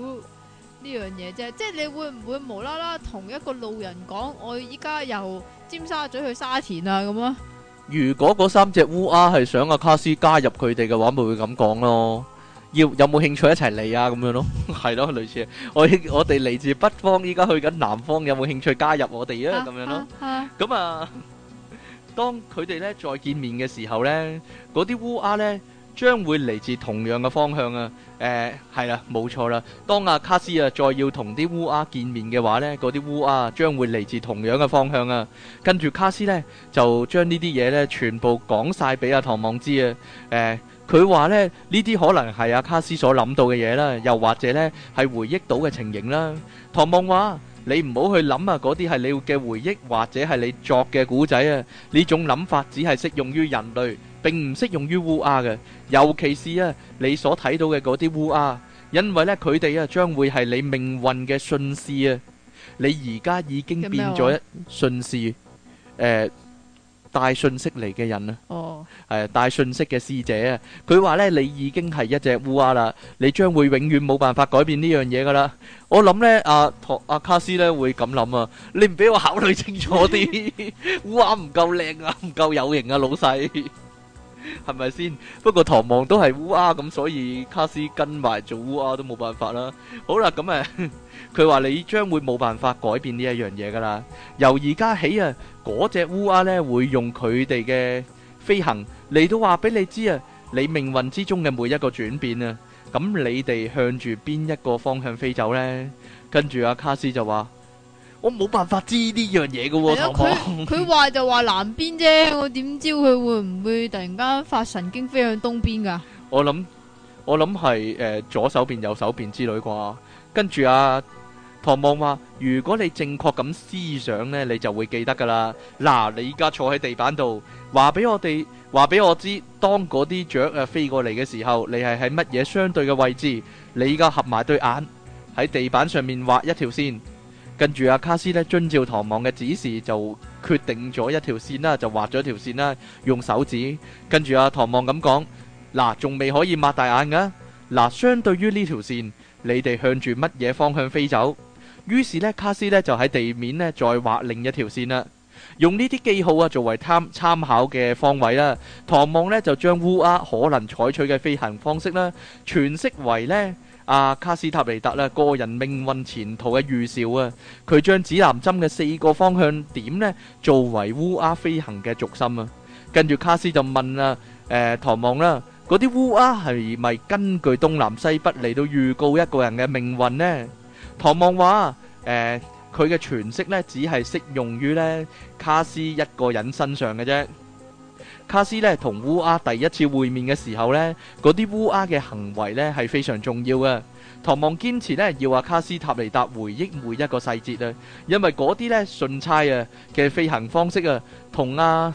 呢樣嘢，啫，即係你會唔會無啦啦同一個路人講我依家由尖沙咀去沙田啊咁啊？如果嗰三隻烏鴉係想阿卡斯加入佢哋嘅話，咪會咁講咯？要有冇興趣一齊嚟啊？咁樣咯，係咯，類似我我哋嚟自北方，依家去緊南方，有冇興趣加入我哋啊？咁樣咯，咁啊，當佢哋咧再見面嘅時候咧，嗰啲烏鴉咧。將會嚟自同樣嘅方向啊！誒係啦，冇錯啦。當阿卡斯啊再要同啲烏鴉見面嘅話咧，嗰啲烏鴉將會嚟自同樣嘅方向啊！跟住卡斯咧就將呢啲嘢咧全部講晒俾阿唐望知啊！誒，佢話咧呢啲可能係阿卡斯所諗到嘅嘢啦，又或者咧係回憶到嘅情形啦。唐望話：你唔好去諗啊，嗰啲係你嘅回憶，或者係你作嘅故仔啊！呢種諗法只係適用於人類。並唔適用於烏鴉嘅，尤其是啊你所睇到嘅嗰啲烏鴉，因為咧佢哋啊將會係你命運嘅信使啊，你而家已經變咗一信使，誒帶訊息嚟嘅人啊，哦，誒帶訊息嘅使者啊，佢話咧你已經係一隻烏鴉啦，你將會永遠冇辦法改變呢樣嘢噶啦。我諗咧阿托阿卡斯咧會咁諗啊，你唔俾我考慮清楚啲烏鴉唔夠靚啊，唔夠有型啊，老細。係咪先？不過唐望都係烏鴉咁，所以卡斯跟埋做烏鴉都冇辦法啦。好啦，咁誒、啊，佢話你將會冇辦法改變呢一樣嘢噶啦。由而家起啊，嗰隻烏鴉呢會用佢哋嘅飛行嚟到話俾你知啊，你命運之中嘅每一個轉變啊，咁你哋向住邊一個方向飛走呢？跟住阿、啊、卡斯就話。我冇辦法知呢樣嘢嘅喎，唐望。佢話就話南邊啫，我點知佢會唔會突然間發神經飛向東邊噶？我諗我諗係誒左手邊、右手邊之類啩。跟住阿、啊、唐望話：如果你正確咁思想呢，你就會記得噶啦。嗱，你而家坐喺地板度，話俾我哋話俾我知，當嗰啲雀誒飛過嚟嘅時候，你係喺乜嘢相對嘅位置？你而家合埋對眼喺地板上面畫一條線。跟住阿、啊、卡斯咧，遵照唐望嘅指示，就決定咗一條線啦、啊，就畫咗條線啦、啊，用手指。跟住阿唐望咁講：嗱，仲未可以擘大眼噶、啊。嗱，相對於呢條線，你哋向住乜嘢方向飛走？於是呢，卡斯呢就喺地面呢再畫另一條線啦、啊，用呢啲記號啊作為參參考嘅方位啦、啊。唐望呢就將烏鴉可能採取嘅飛行方式啦、啊，詮釋為呢。阿、啊、卡斯塔尼達啦，個人命運前途嘅預兆啊，佢將指南針嘅四個方向點咧，作為烏鴉飛行嘅軸心啊。跟住卡斯就問、啊呃、啦，誒，唐望啦，嗰啲烏鴉係咪根據東南西北嚟到預告一個人嘅命運呢？唐望話誒，佢嘅詮釋咧，只係適用於咧卡斯一個人身上嘅啫。卡斯咧同烏鴉第一次會面嘅時候呢，嗰啲烏鴉嘅行為咧係非常重要嘅。唐望堅持咧要阿卡斯塔尼達回憶每一個細節啊，因為嗰啲呢信差，啊嘅飛行方式啊，同啊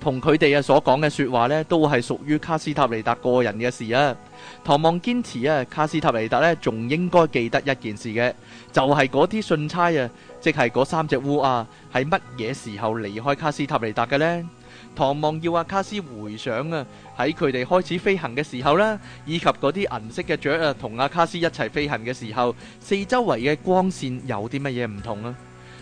同佢哋啊所講嘅說話呢，都係屬於卡斯塔尼達個人嘅事啊。唐望堅持啊，卡斯塔尼達呢仲應該記得一件事嘅，就係嗰啲信差啊，即係嗰三隻烏鴉喺乜嘢時候離開卡斯塔尼達嘅呢？唐望要阿卡斯回想啊，喺佢哋開始飛行嘅時候咧，以及嗰啲銀色嘅雀啊，同阿卡斯一齊飛行嘅時候，四周圍嘅光綫有啲乜嘢唔同啊？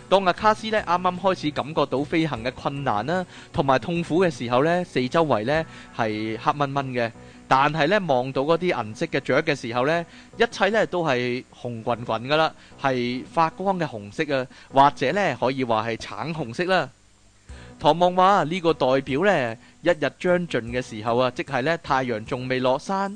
當阿卡斯咧啱啱開始感覺到飛行嘅困難啦，同埋痛苦嘅時候咧，四周圍咧係黑蚊蚊嘅，但係咧望到嗰啲銀色嘅雀嘅時候咧，一切咧都係紅滾滾噶啦，係發光嘅紅色啊，或者咧可以話係橙紅色啦。唐望話呢，這個代表咧，一日將盡嘅時候啊，即係咧太陽仲未落山。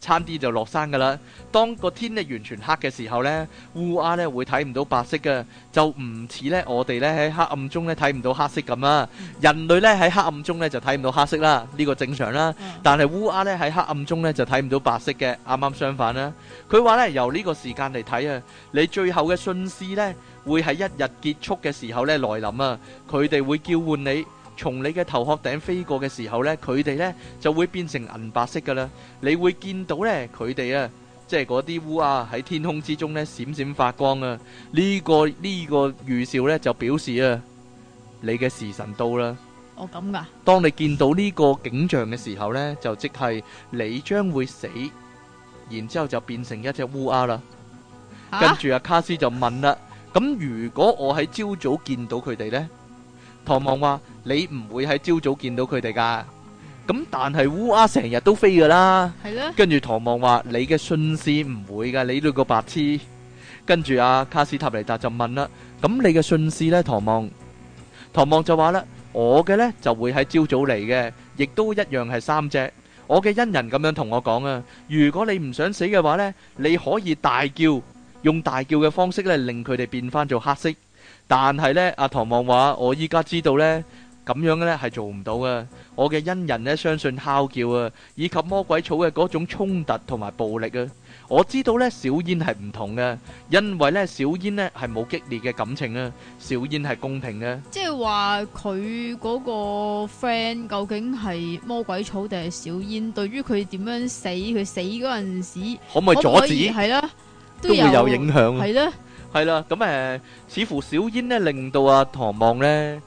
差啲就落山噶啦，當個天咧完全黑嘅時候呢，烏鴉咧會睇唔到白色嘅，就唔似呢。我哋呢喺黑暗中咧睇唔到黑色咁啦。人類呢喺黑暗中咧就睇唔到黑色啦，呢個正常啦。嗯、但係烏鴉咧喺黑暗中咧就睇唔到白色嘅，啱啱相反啦。佢話呢，由呢個時間嚟睇啊，你最後嘅訊息呢會喺一日結束嘅時候呢來臨啊，佢哋會叫喚你。從你嘅頭殼頂飛過嘅時候咧，佢哋咧就會變成銀白色噶啦。你會見到咧，佢哋啊，即係嗰啲烏鴉喺天空之中咧閃閃發光啊！呢個呢個預兆咧就表示啊，你嘅時辰到啦。哦，咁噶。當你見到呢個景象嘅時候咧，就即係你將會死，然之後就變成一隻烏鴉啦。跟住阿卡斯就問啦：咁如果我喺朝早見到佢哋咧，唐望話？你唔會喺朝早見到佢哋㗎。咁，但係烏鴉成日都飛㗎啦。跟住唐望話，你嘅信使唔會㗎，你六個白痴。跟住啊卡斯塔尼達就問啦，咁你嘅信使呢，唐望？唐望就話啦，我嘅呢就會喺朝早嚟嘅，亦都一樣係三隻。我嘅恩人咁樣同我講呀，如果你唔想死嘅話呢，你可以大叫，用大叫嘅方式呢令佢哋變返做黑色。但係呢阿唐望話，我依家知道呢咁樣嘅咧係做唔到嘅。我嘅恩人咧，相信敲叫啊，以及魔鬼草嘅嗰種衝突同埋暴力啊。我知道咧，小煙係唔同嘅，因為咧小煙咧係冇激烈嘅感情啊。小煙係公平嘅。即係話佢嗰個 friend 究竟係魔鬼草定係小煙？對於佢點樣死，佢死嗰陣時可唔可以阻止？係啦，都會有影響。係咧，係啦。咁誒，似乎小煙咧令到阿唐望咧。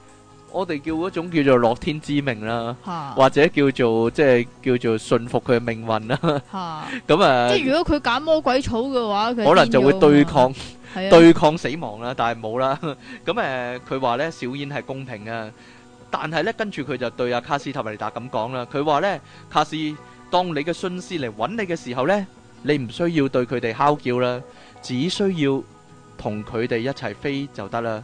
我哋叫嗰種叫做樂天之命啦，或者叫做即係叫做信服佢嘅命運啦。咁誒，即係如果佢揀魔鬼草嘅話，佢可能就會對抗對抗死亡啦。但係冇啦。咁誒，佢話咧，小煙係公平啊。但係咧，跟住佢就對阿卡斯塔維達咁講啦。佢話咧，卡斯，當你嘅信使嚟揾你嘅時候咧，你唔需要對佢哋哮叫啦，只需要同佢哋一齊飛就得啦。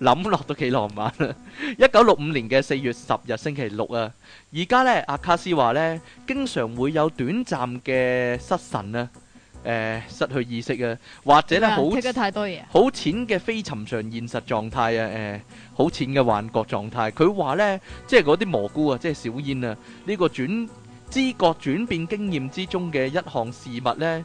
諗落都幾浪漫啊！一九六五年嘅四月十日星期六啊，而家呢，阿卡斯話呢，經常會有短暫嘅失神啊，誒、呃，失去意識啊，或者呢，好淺，食得太多嘢、啊，好淺嘅非尋常現實狀態啊，誒、呃，好淺嘅幻覺狀態。佢話呢，即係嗰啲蘑菇啊，即係小煙啊，呢個轉知覺轉變經驗之中嘅一項事物呢。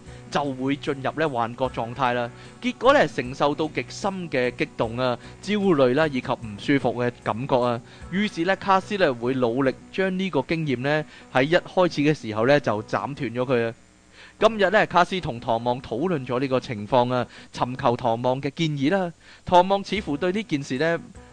就會進入咧幻覺狀態啦，結果咧承受到極深嘅激動啊、焦慮啦以及唔舒服嘅感覺啊，於是咧卡斯咧會努力將呢個經驗呢喺一開始嘅時候呢就斬斷咗佢啊。今日呢卡斯同唐望討論咗呢個情況啊，尋求唐望嘅建議啦。唐望似乎對呢件事呢，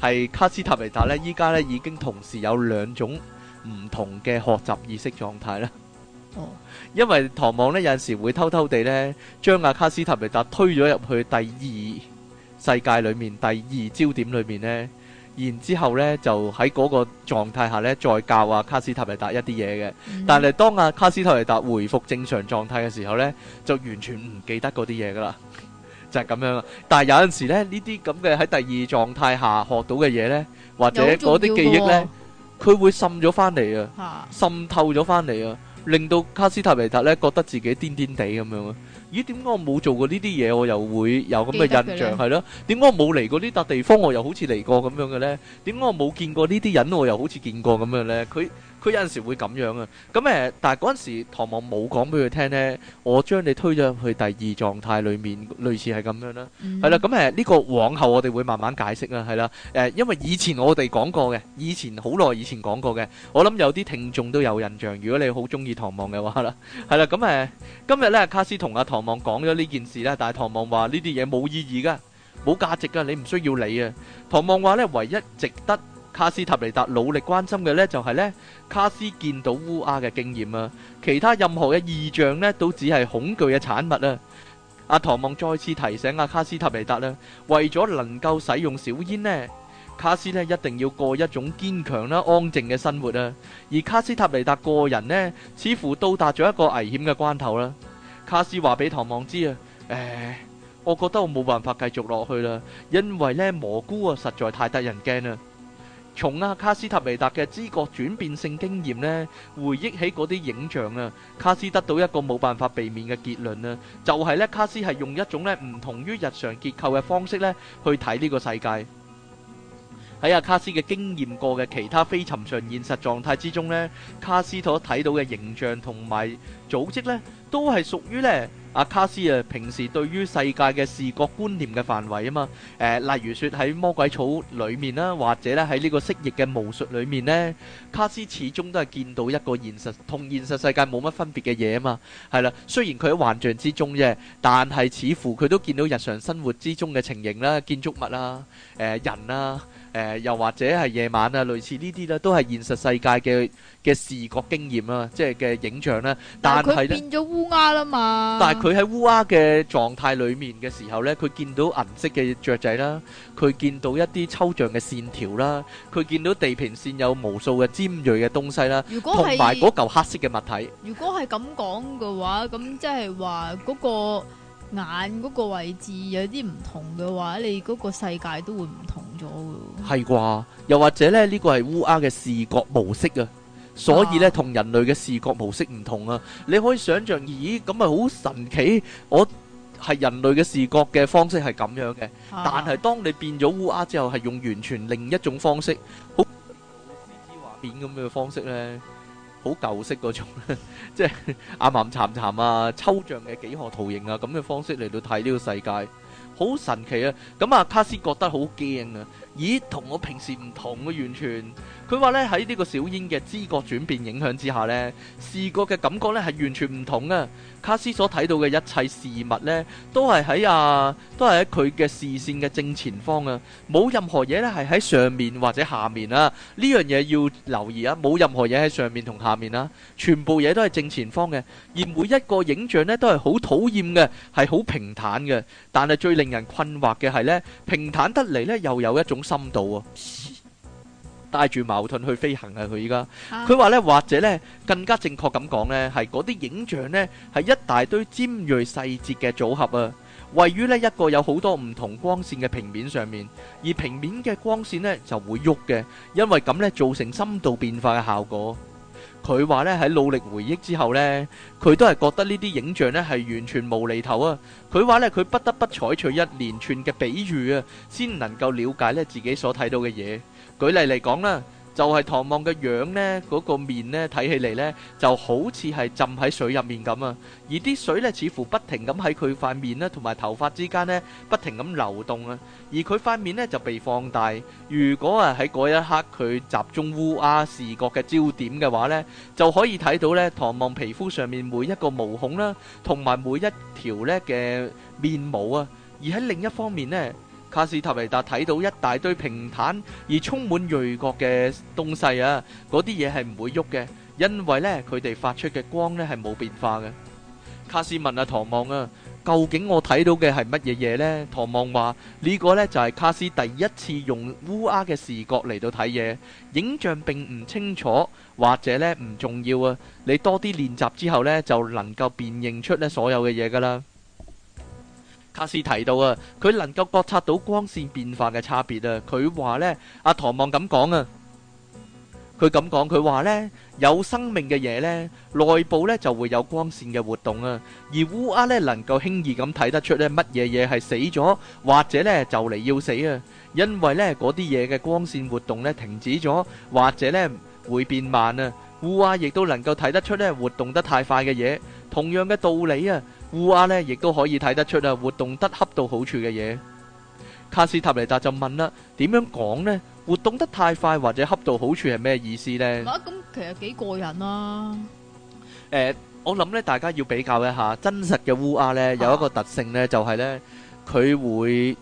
係卡斯塔維達呢，依家呢已經同時有兩種唔同嘅學習意識狀態啦。Oh. 因為唐望呢有時會偷偷地呢將阿、啊、卡斯塔維達推咗入去第二世界裏面、第二焦點裏面呢，然之後呢就喺嗰個狀態下呢再教阿、啊、卡斯塔維達一啲嘢嘅。Mm hmm. 但係當阿、啊、卡斯塔維達回復正常狀態嘅時候呢，就完全唔記得嗰啲嘢噶啦。就係咁樣啊！但係有陣時咧，呢啲咁嘅喺第二狀態下學到嘅嘢咧，或者嗰啲記憶咧，佢會滲咗翻嚟啊，滲透咗翻嚟啊，令到卡斯泰利特咧覺得自己癲癲地咁樣啊！咦？點解我冇做過呢啲嘢，我又會有咁嘅印象係咯？點解我冇嚟過呢笪地方，我又好似嚟過咁樣嘅咧？點解我冇見過呢啲人，我又好似見過咁樣咧？佢。佢有陣時會咁樣啊，咁誒，但係嗰陣時唐望冇講俾佢聽呢，我將你推咗入去第二狀態裏面，類似係咁樣啦，係啦，咁誒呢個往後我哋會慢慢解釋啦，係啦，誒，因為以前我哋講過嘅，以前好耐以前講過嘅，我諗有啲聽眾都有印象，如果你好中意唐望嘅話啦，係啦，咁誒，今日呢卡斯同阿唐望講咗呢件事啦，但係唐望話呢啲嘢冇意義㗎，冇價值㗎，你唔需要理啊。唐望話呢，唯一值得。卡斯塔尼達努力關心嘅咧，就係咧卡斯見到烏鴉嘅經驗啊。其他任何嘅異象咧，都只係恐懼嘅產物啊。阿唐望再次提醒阿卡斯塔尼達啦，為咗能夠使用小煙咧，卡斯咧一定要過一種堅強啦、安靜嘅生活啊。而卡斯塔尼達個人咧，似乎到達咗一個危險嘅關頭啦。卡斯話俾唐望知啊，誒，我覺得我冇辦法繼續落去啦，因為咧蘑菇啊實在太得人驚啦。從阿卡斯塔維達嘅知覺轉變性經驗咧，回憶起嗰啲影像啊，卡斯得到一個冇辦法避免嘅結論啊，就係、是、咧卡斯係用一種咧唔同於日常結構嘅方式咧，去睇呢個世界。喺阿卡斯嘅經驗過嘅其他非尋常現實狀態之中呢，卡斯所睇到嘅形象同埋組織呢，都係屬於呢阿卡斯啊，平時對於世界嘅視覺觀念嘅範圍啊嘛，誒、呃，例如説喺魔鬼草裡面啦，或者咧喺呢個蜥蜴嘅巫術裡面呢，卡斯始終都係見到一個現實同現實世界冇乜分別嘅嘢啊嘛。係啦，雖然佢喺幻象之中啫，但係似乎佢都見到日常生活之中嘅情形啦、建築物啦、啊、誒、呃、人啦、啊。誒，又或者係夜晚啊，類似呢啲啦，都係現實世界嘅嘅視覺經驗啊，即係嘅影像咧。但係佢變咗烏鴉啦嘛。但係佢喺烏鴉嘅狀態裡面嘅時候咧，佢見到銀色嘅雀仔啦，佢見到一啲抽象嘅線條啦，佢見到地平線有無數嘅尖銳嘅東西啦，同埋嗰嚿黑色嘅物體。如果係咁講嘅話，咁即係話嗰個眼嗰個位置有啲唔同嘅話，你嗰個世界都會唔同。係啩？又或者咧，呢個係烏鴉嘅視覺模式啊，所以咧同人類嘅視覺模式唔同啊。你可以想象，咦咁咪好神奇？我係人類嘅視覺嘅方式係咁樣嘅，但係當你變咗烏鴉之後，係用完全另一種方式，好點咁嘅方式咧，好舊式嗰種，即係啊冧慘慘啊，抽象嘅幾何圖形啊，咁嘅方式嚟到睇呢個世界。好神奇啊！咁啊，卡斯覺得好驚啊！咦，同我平時唔同啊！完全，佢話咧喺呢個小英嘅知覺轉變影響之下咧，視覺嘅感覺咧係完全唔同啊！卡斯所睇到嘅一切事物咧，都係喺啊，都係喺佢嘅視線嘅正前方啊！冇任何嘢咧係喺上面或者下面啊！呢樣嘢要留意啊！冇任何嘢喺上面同下面啊！全部嘢都係正前方嘅，而每一個影像咧都係好討厭嘅，係好平坦嘅。但係最令人困惑嘅係咧，平坦得嚟咧又有一種。深度啊，帶住矛盾去飛行啊！佢依家，佢話呢，或者呢更加正確咁講呢，係嗰啲影像呢係一大堆尖銳細節嘅組合啊，位於呢一個有好多唔同光線嘅平面上面，而平面嘅光線呢就會喐嘅，因為咁呢造成深度變化嘅效果。佢話咧，喺努力回憶之後呢，佢都係覺得呢啲影像呢係完全無厘頭啊！佢話咧，佢不得不採取一連串嘅比喻啊，先能夠了解咧自己所睇到嘅嘢。舉例嚟講啦。就係唐望嘅樣呢，嗰個面呢睇起嚟呢就好似係浸喺水入面咁啊，而啲水呢似乎不停咁喺佢塊面呢同埋頭髮之間呢不停咁流動啊，而佢塊面呢就被放大。如果啊喺嗰一刻佢集中烏鴉視覺嘅焦點嘅話呢，就可以睇到呢唐望皮膚上面每一個毛孔啦，同埋每一條呢嘅面毛啊。而喺另一方面呢。卡斯塔維達睇到一大堆平坦而充滿銳角嘅東西啊！嗰啲嘢係唔會喐嘅，因為呢，佢哋發出嘅光呢係冇變化嘅。卡斯問阿、啊、唐望啊，究竟我睇到嘅係乜嘢嘢呢？唐望話呢、這個呢就係、是、卡斯第一次用烏鴉嘅視覺嚟到睇嘢，影像並唔清楚或者呢唔重要啊！你多啲練習之後呢，就能夠辨認出呢所有嘅嘢噶啦。卡斯提到啊，佢能夠覺察到光線變化嘅差別啊。佢話咧，阿唐望咁講啊，佢咁講，佢話咧，有生命嘅嘢咧，內部咧就會有光線嘅活動啊。而烏鴉咧能夠輕易咁睇得出咧乜嘢嘢係死咗，或者咧就嚟要死啊。因為咧嗰啲嘢嘅光線活動咧停止咗，或者咧會變慢啊。烏鴉亦都能夠睇得出咧活動得太快嘅嘢，同樣嘅道理啊。烏鴉咧，亦都可以睇得出啊！活動得恰到好處嘅嘢，卡斯塔尼達就問啦，點樣講咧？活動得太快或者恰到好處係咩意思咧？啊，咁其實幾過癮啦！誒，我諗咧，大家要比較一下真實嘅烏鴉咧，有一個特性咧，就係咧，佢會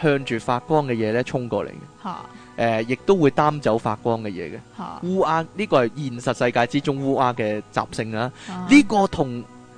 向住發光嘅嘢咧衝過嚟嘅。吓！誒，亦都會擔走發光嘅嘢嘅。吓！烏鴉呢個係現實世界之中烏鴉嘅習性啊。呢個同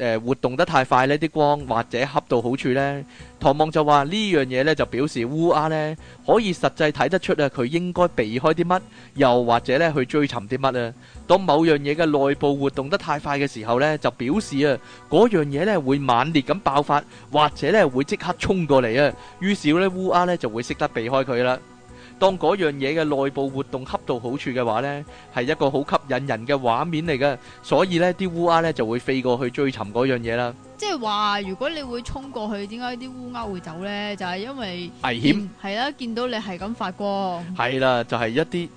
誒，活動得太快呢啲光或者恰到好處呢，唐望就話呢樣嘢呢，就表示烏鴉呢可以實際睇得出啊，佢應該避開啲乜，又或者呢去追尋啲乜啊。當某樣嘢嘅內部活動得太快嘅時候呢，就表示啊嗰樣嘢呢會猛烈咁爆發，或者呢會即刻衝過嚟啊。於是呢烏鴉呢就會識得避開佢啦。當嗰樣嘢嘅內部活動恰到好處嘅話咧，係一個好吸引人嘅畫面嚟嘅，所以咧啲烏鴉咧就會飛過去追尋嗰樣嘢啦。即係話，如果你會衝過去，點解啲烏鴉會走咧？就係因為危險。係啦，見到你係咁發光。係啦，就係一啲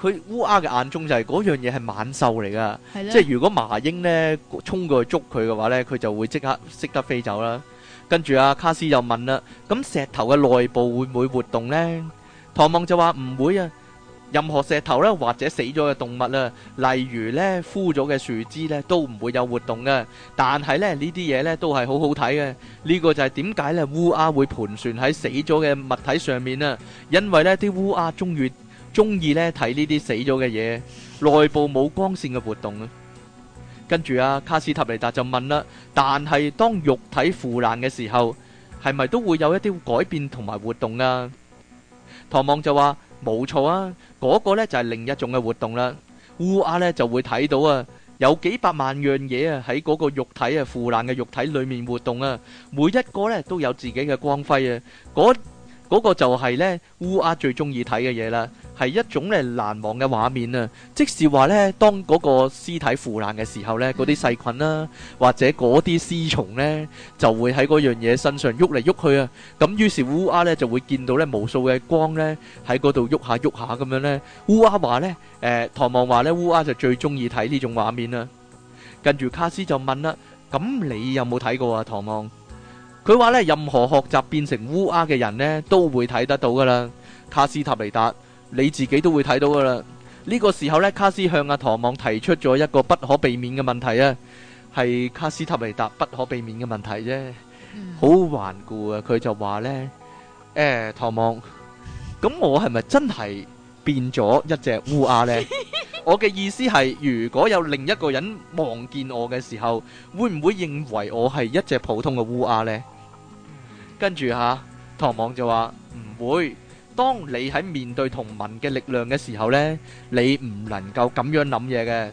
佢烏鴉嘅眼中就係嗰樣嘢係猛獸嚟噶，即係如果麻鷹咧衝過去捉佢嘅話咧，佢就會即刻識得飛走啦。跟住阿卡斯又問啦，咁石頭嘅內部會唔會活動咧？唐望就話唔會啊，任何石頭咧或者死咗嘅動物啊，例如咧枯咗嘅樹枝咧都唔會有活動嘅。但係咧呢啲嘢咧都係好好睇嘅。呢個就係點解咧烏鴉會盤旋喺死咗嘅物體上面啊？因為呢啲烏鴉中意中意咧睇呢啲死咗嘅嘢，內部冇光線嘅活動啊。跟住啊，卡斯塔尼達就問啦：但係當肉體腐爛嘅時候，係咪都會有一啲改變同埋活動啊？唐望就話冇錯啊，嗰、嗰個呢就係另一種嘅活動啦，烏鴉呢就會睇到啊，有幾百萬樣嘢啊喺嗰個肉體啊腐爛嘅肉體裏面活動啊，每一個呢都有自己嘅光輝啊，嗰、嗰、嗰個就係呢，烏鴉最中意睇嘅嘢啦。係一種咧難忘嘅畫面啊！即是話呢，當嗰個屍體腐爛嘅時候呢，嗰啲細菌啦，或者嗰啲屍蟲呢，就會喺嗰樣嘢身上喐嚟喐去啊！咁於是烏鴉呢就會見到呢無數嘅光呢喺嗰度喐下喐下咁樣呢。烏鴉話呢，誒，唐望話呢，烏鴉就最中意睇呢種畫面啊。跟住卡斯就問啦，咁你有冇睇過啊？唐望？佢話呢，任何學習變成烏鴉嘅人呢，都會睇得到噶啦。卡斯塔尼達。你自己都會睇到噶啦，呢、這個時候呢，卡斯向阿唐望提出咗一個不可避免嘅問題啊，係卡斯塔尼達不可避免嘅問題啫，好、嗯、頑固啊！佢就話呢：哎「誒，唐、嗯、望，咁我係咪真係變咗一隻烏鴉呢？ 我嘅意思係，如果有另一個人望見我嘅時候，會唔會認為我係一隻普通嘅烏鴉呢？」跟住吓，唐望就話唔會。當你喺面對同盟嘅力量嘅時候呢，你唔能夠咁樣諗嘢嘅。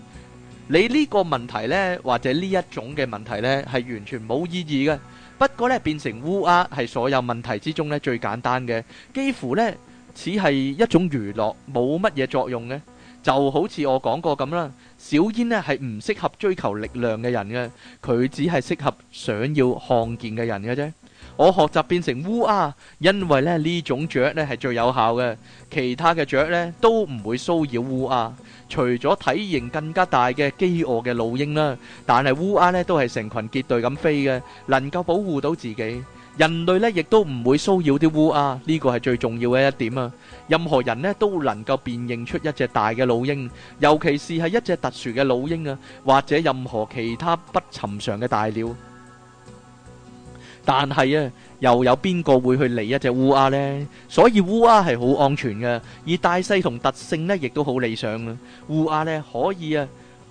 你呢個問題呢，或者呢一種嘅問題呢，係完全冇意義嘅。不過呢，變成烏鴉係所有問題之中呢最簡單嘅，幾乎呢只係一種娛樂，冇乜嘢作用嘅。就好似我講過咁啦，小煙呢係唔適合追求力量嘅人嘅，佢只係適合想要看見嘅人嘅啫。我學習變成烏鴉，因為咧呢種雀咧係最有效嘅，其他嘅雀咧都唔會騷擾烏鴉，除咗體型更加大嘅飢餓嘅老鷹啦。但係烏鴉咧都係成群結隊咁飛嘅，能夠保護到自己。人類咧亦都唔會騷擾啲烏鴉，呢個係最重要嘅一點啊！任何人呢都能夠辨認出一隻大嘅老鷹，尤其是係一隻特殊嘅老鷹啊，或者任何其他不尋常嘅大鳥。但係啊，又有邊個會去理一隻烏鴉咧？所以烏鴉係好安全噶，而大細同特性咧，亦都好理想啊。烏鴉咧可以啊，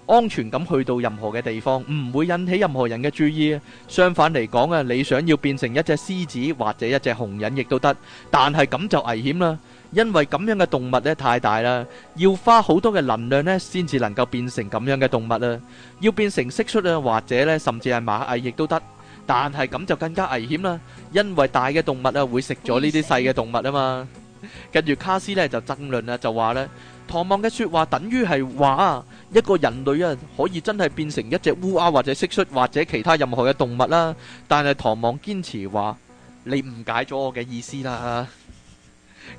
安全咁去到任何嘅地方，唔會引起任何人嘅注意啊。相反嚟講啊，你想要變成一隻獅子或者一隻紅人，亦都得。但係咁就危險啦，因為咁樣嘅動物咧太大啦，要花好多嘅能量咧，先至能夠變成咁樣嘅動物啦。要變成蟋蟀啊，或者咧，甚至係螞蟻，亦都得。但係咁就更加危險啦，因為大嘅動物咧會食咗呢啲細嘅動物啊，動物嘛。跟住卡斯呢就爭論啦，就話呢，唐望嘅説話等於係話一個人類啊可以真係變成一隻烏鴉或者蟋蟀或者其他任何嘅動物啦、啊。但係唐望堅持話，你誤解咗我嘅意思啦。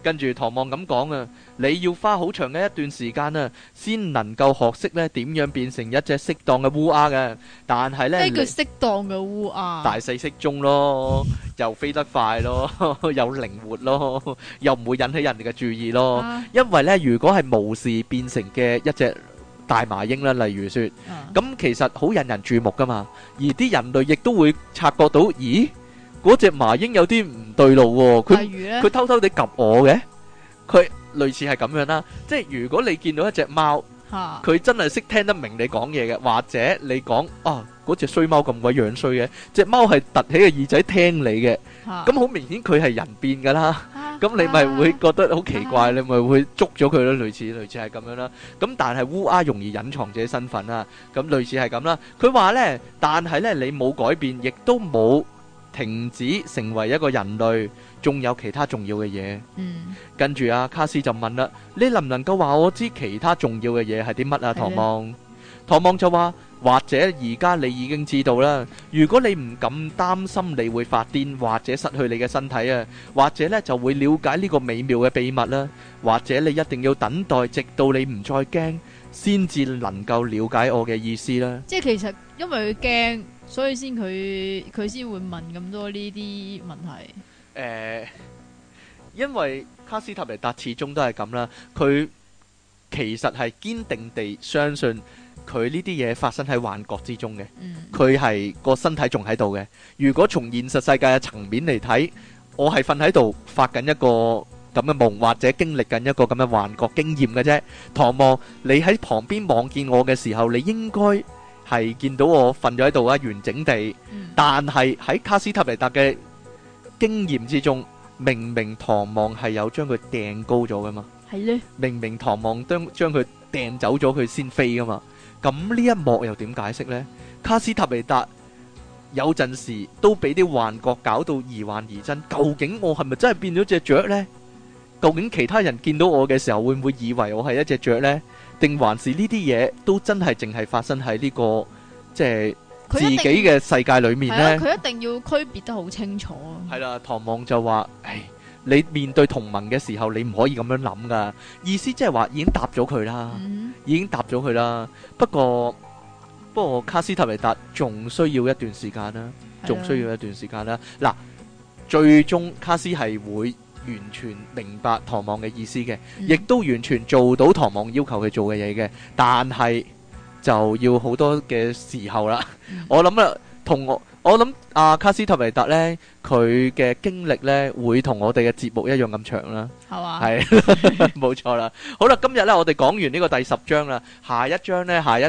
跟住唐望咁講啊，你要花好長嘅一段時間啊，先能夠學識咧點樣變成一隻適當嘅烏鴉嘅。但係咧，咩叫適當嘅烏鴉？大細適中咯， 又飛得快咯，又靈活咯，又唔會引起人哋嘅注意咯。因為呢，如果係無視變成嘅一隻大麻鷹啦，例如說，咁、啊、其實好引人注目噶嘛，而啲人類亦都會察覺到，咦？嗰隻麻鷹有啲唔對路喎，佢，佢偷偷地及我嘅，佢類似係咁樣啦。即係如果你見到一隻貓，佢真係識聽得明你講嘢嘅，或者你講啊，嗰隻衰貓咁鬼樣衰嘅，隻貓係凸起個耳仔聽你嘅，咁好明顯佢係人變噶啦，咁你咪會覺得好奇怪，你咪會捉咗佢咯，類似類似係咁樣啦。咁但係烏鴉容易隱藏自己身份啦，咁類似係咁啦。佢話呢，但係呢你冇改變，亦都冇。停止成為一個人類，仲有其他重要嘅嘢。嗯，跟住阿卡斯就問啦：你能唔能夠話我知其他重要嘅嘢係啲乜啊？唐望，唐望就話：或者而家你已經知道啦。如果你唔敢擔心，你會發癲，或者失去你嘅身體啊，或者呢就會了解呢個美妙嘅秘密啦。或者你一定要等待，直到你唔再驚，先至能夠了解我嘅意思啦。即係其實因為佢驚。所以先佢佢先會問咁多呢啲問題。誒、呃，因為卡斯塔尼達始終都係咁啦，佢其實係堅定地相信佢呢啲嘢發生喺幻覺之中嘅。佢係、嗯、個身體仲喺度嘅。如果從現實世界嘅層面嚟睇，我係瞓喺度發緊一個咁嘅夢，或者經歷緊一個咁嘅幻覺經驗嘅啫。唐望，你喺旁邊望見我嘅時候，你應該。係見到我瞓咗喺度啊，完整地。但係喺卡斯塔尼達嘅經驗之中，明明唐望係有將佢掟高咗㗎嘛。係呢。明明唐望將將佢掟走咗，佢先飛㗎嘛。咁呢一幕又點解釋呢？卡斯塔尼達有陣時都俾啲幻覺搞到疑幻疑真。究竟我係咪真係變咗隻雀呢？究竟其他人見到我嘅時候，會唔會以為我係一隻雀呢？定還是呢啲嘢都真係淨係發生喺呢、這個即係自己嘅世界裏面呢？佢、啊、一定要區別得好清楚、啊。係啦，唐望就話：，唉，你面對同盟嘅時候，你唔可以咁樣諗噶。意思即係話已經答咗佢啦，嗯、已經答咗佢啦。不過不過卡斯特尼達仲需要一段時間啦，仲需要一段時間啦。嗱的、啊，最終卡斯係會。完全明白唐望嘅意思嘅，亦都完全做到唐望要求佢做嘅嘢嘅，但係就要好多嘅時候啦。我諗啊，同我我諗阿卡斯提維達咧，佢嘅經歷咧會同我哋嘅節目一樣咁長啦，係嘛？係冇錯啦。好啦，今日咧我哋講完呢個第十章啦，下一章咧下一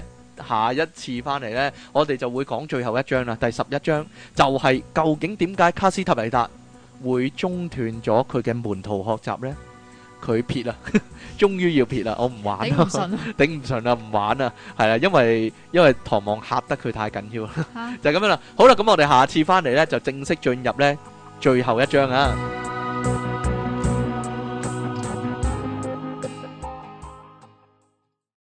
下一次翻嚟咧，我哋就會講最後一章啦，第十一章就係究竟點解卡斯提維達，會中斷咗佢嘅門徒學習呢？佢撇啦， 終於要撇啦，我唔玩啦，頂唔順啦，頂唔順啦，唔 玩啦，係啦，因為因為唐望嚇得佢太緊要啦，啊、 就咁樣啦，好啦，咁我哋下次翻嚟呢，就正式進入呢，最後一章啊。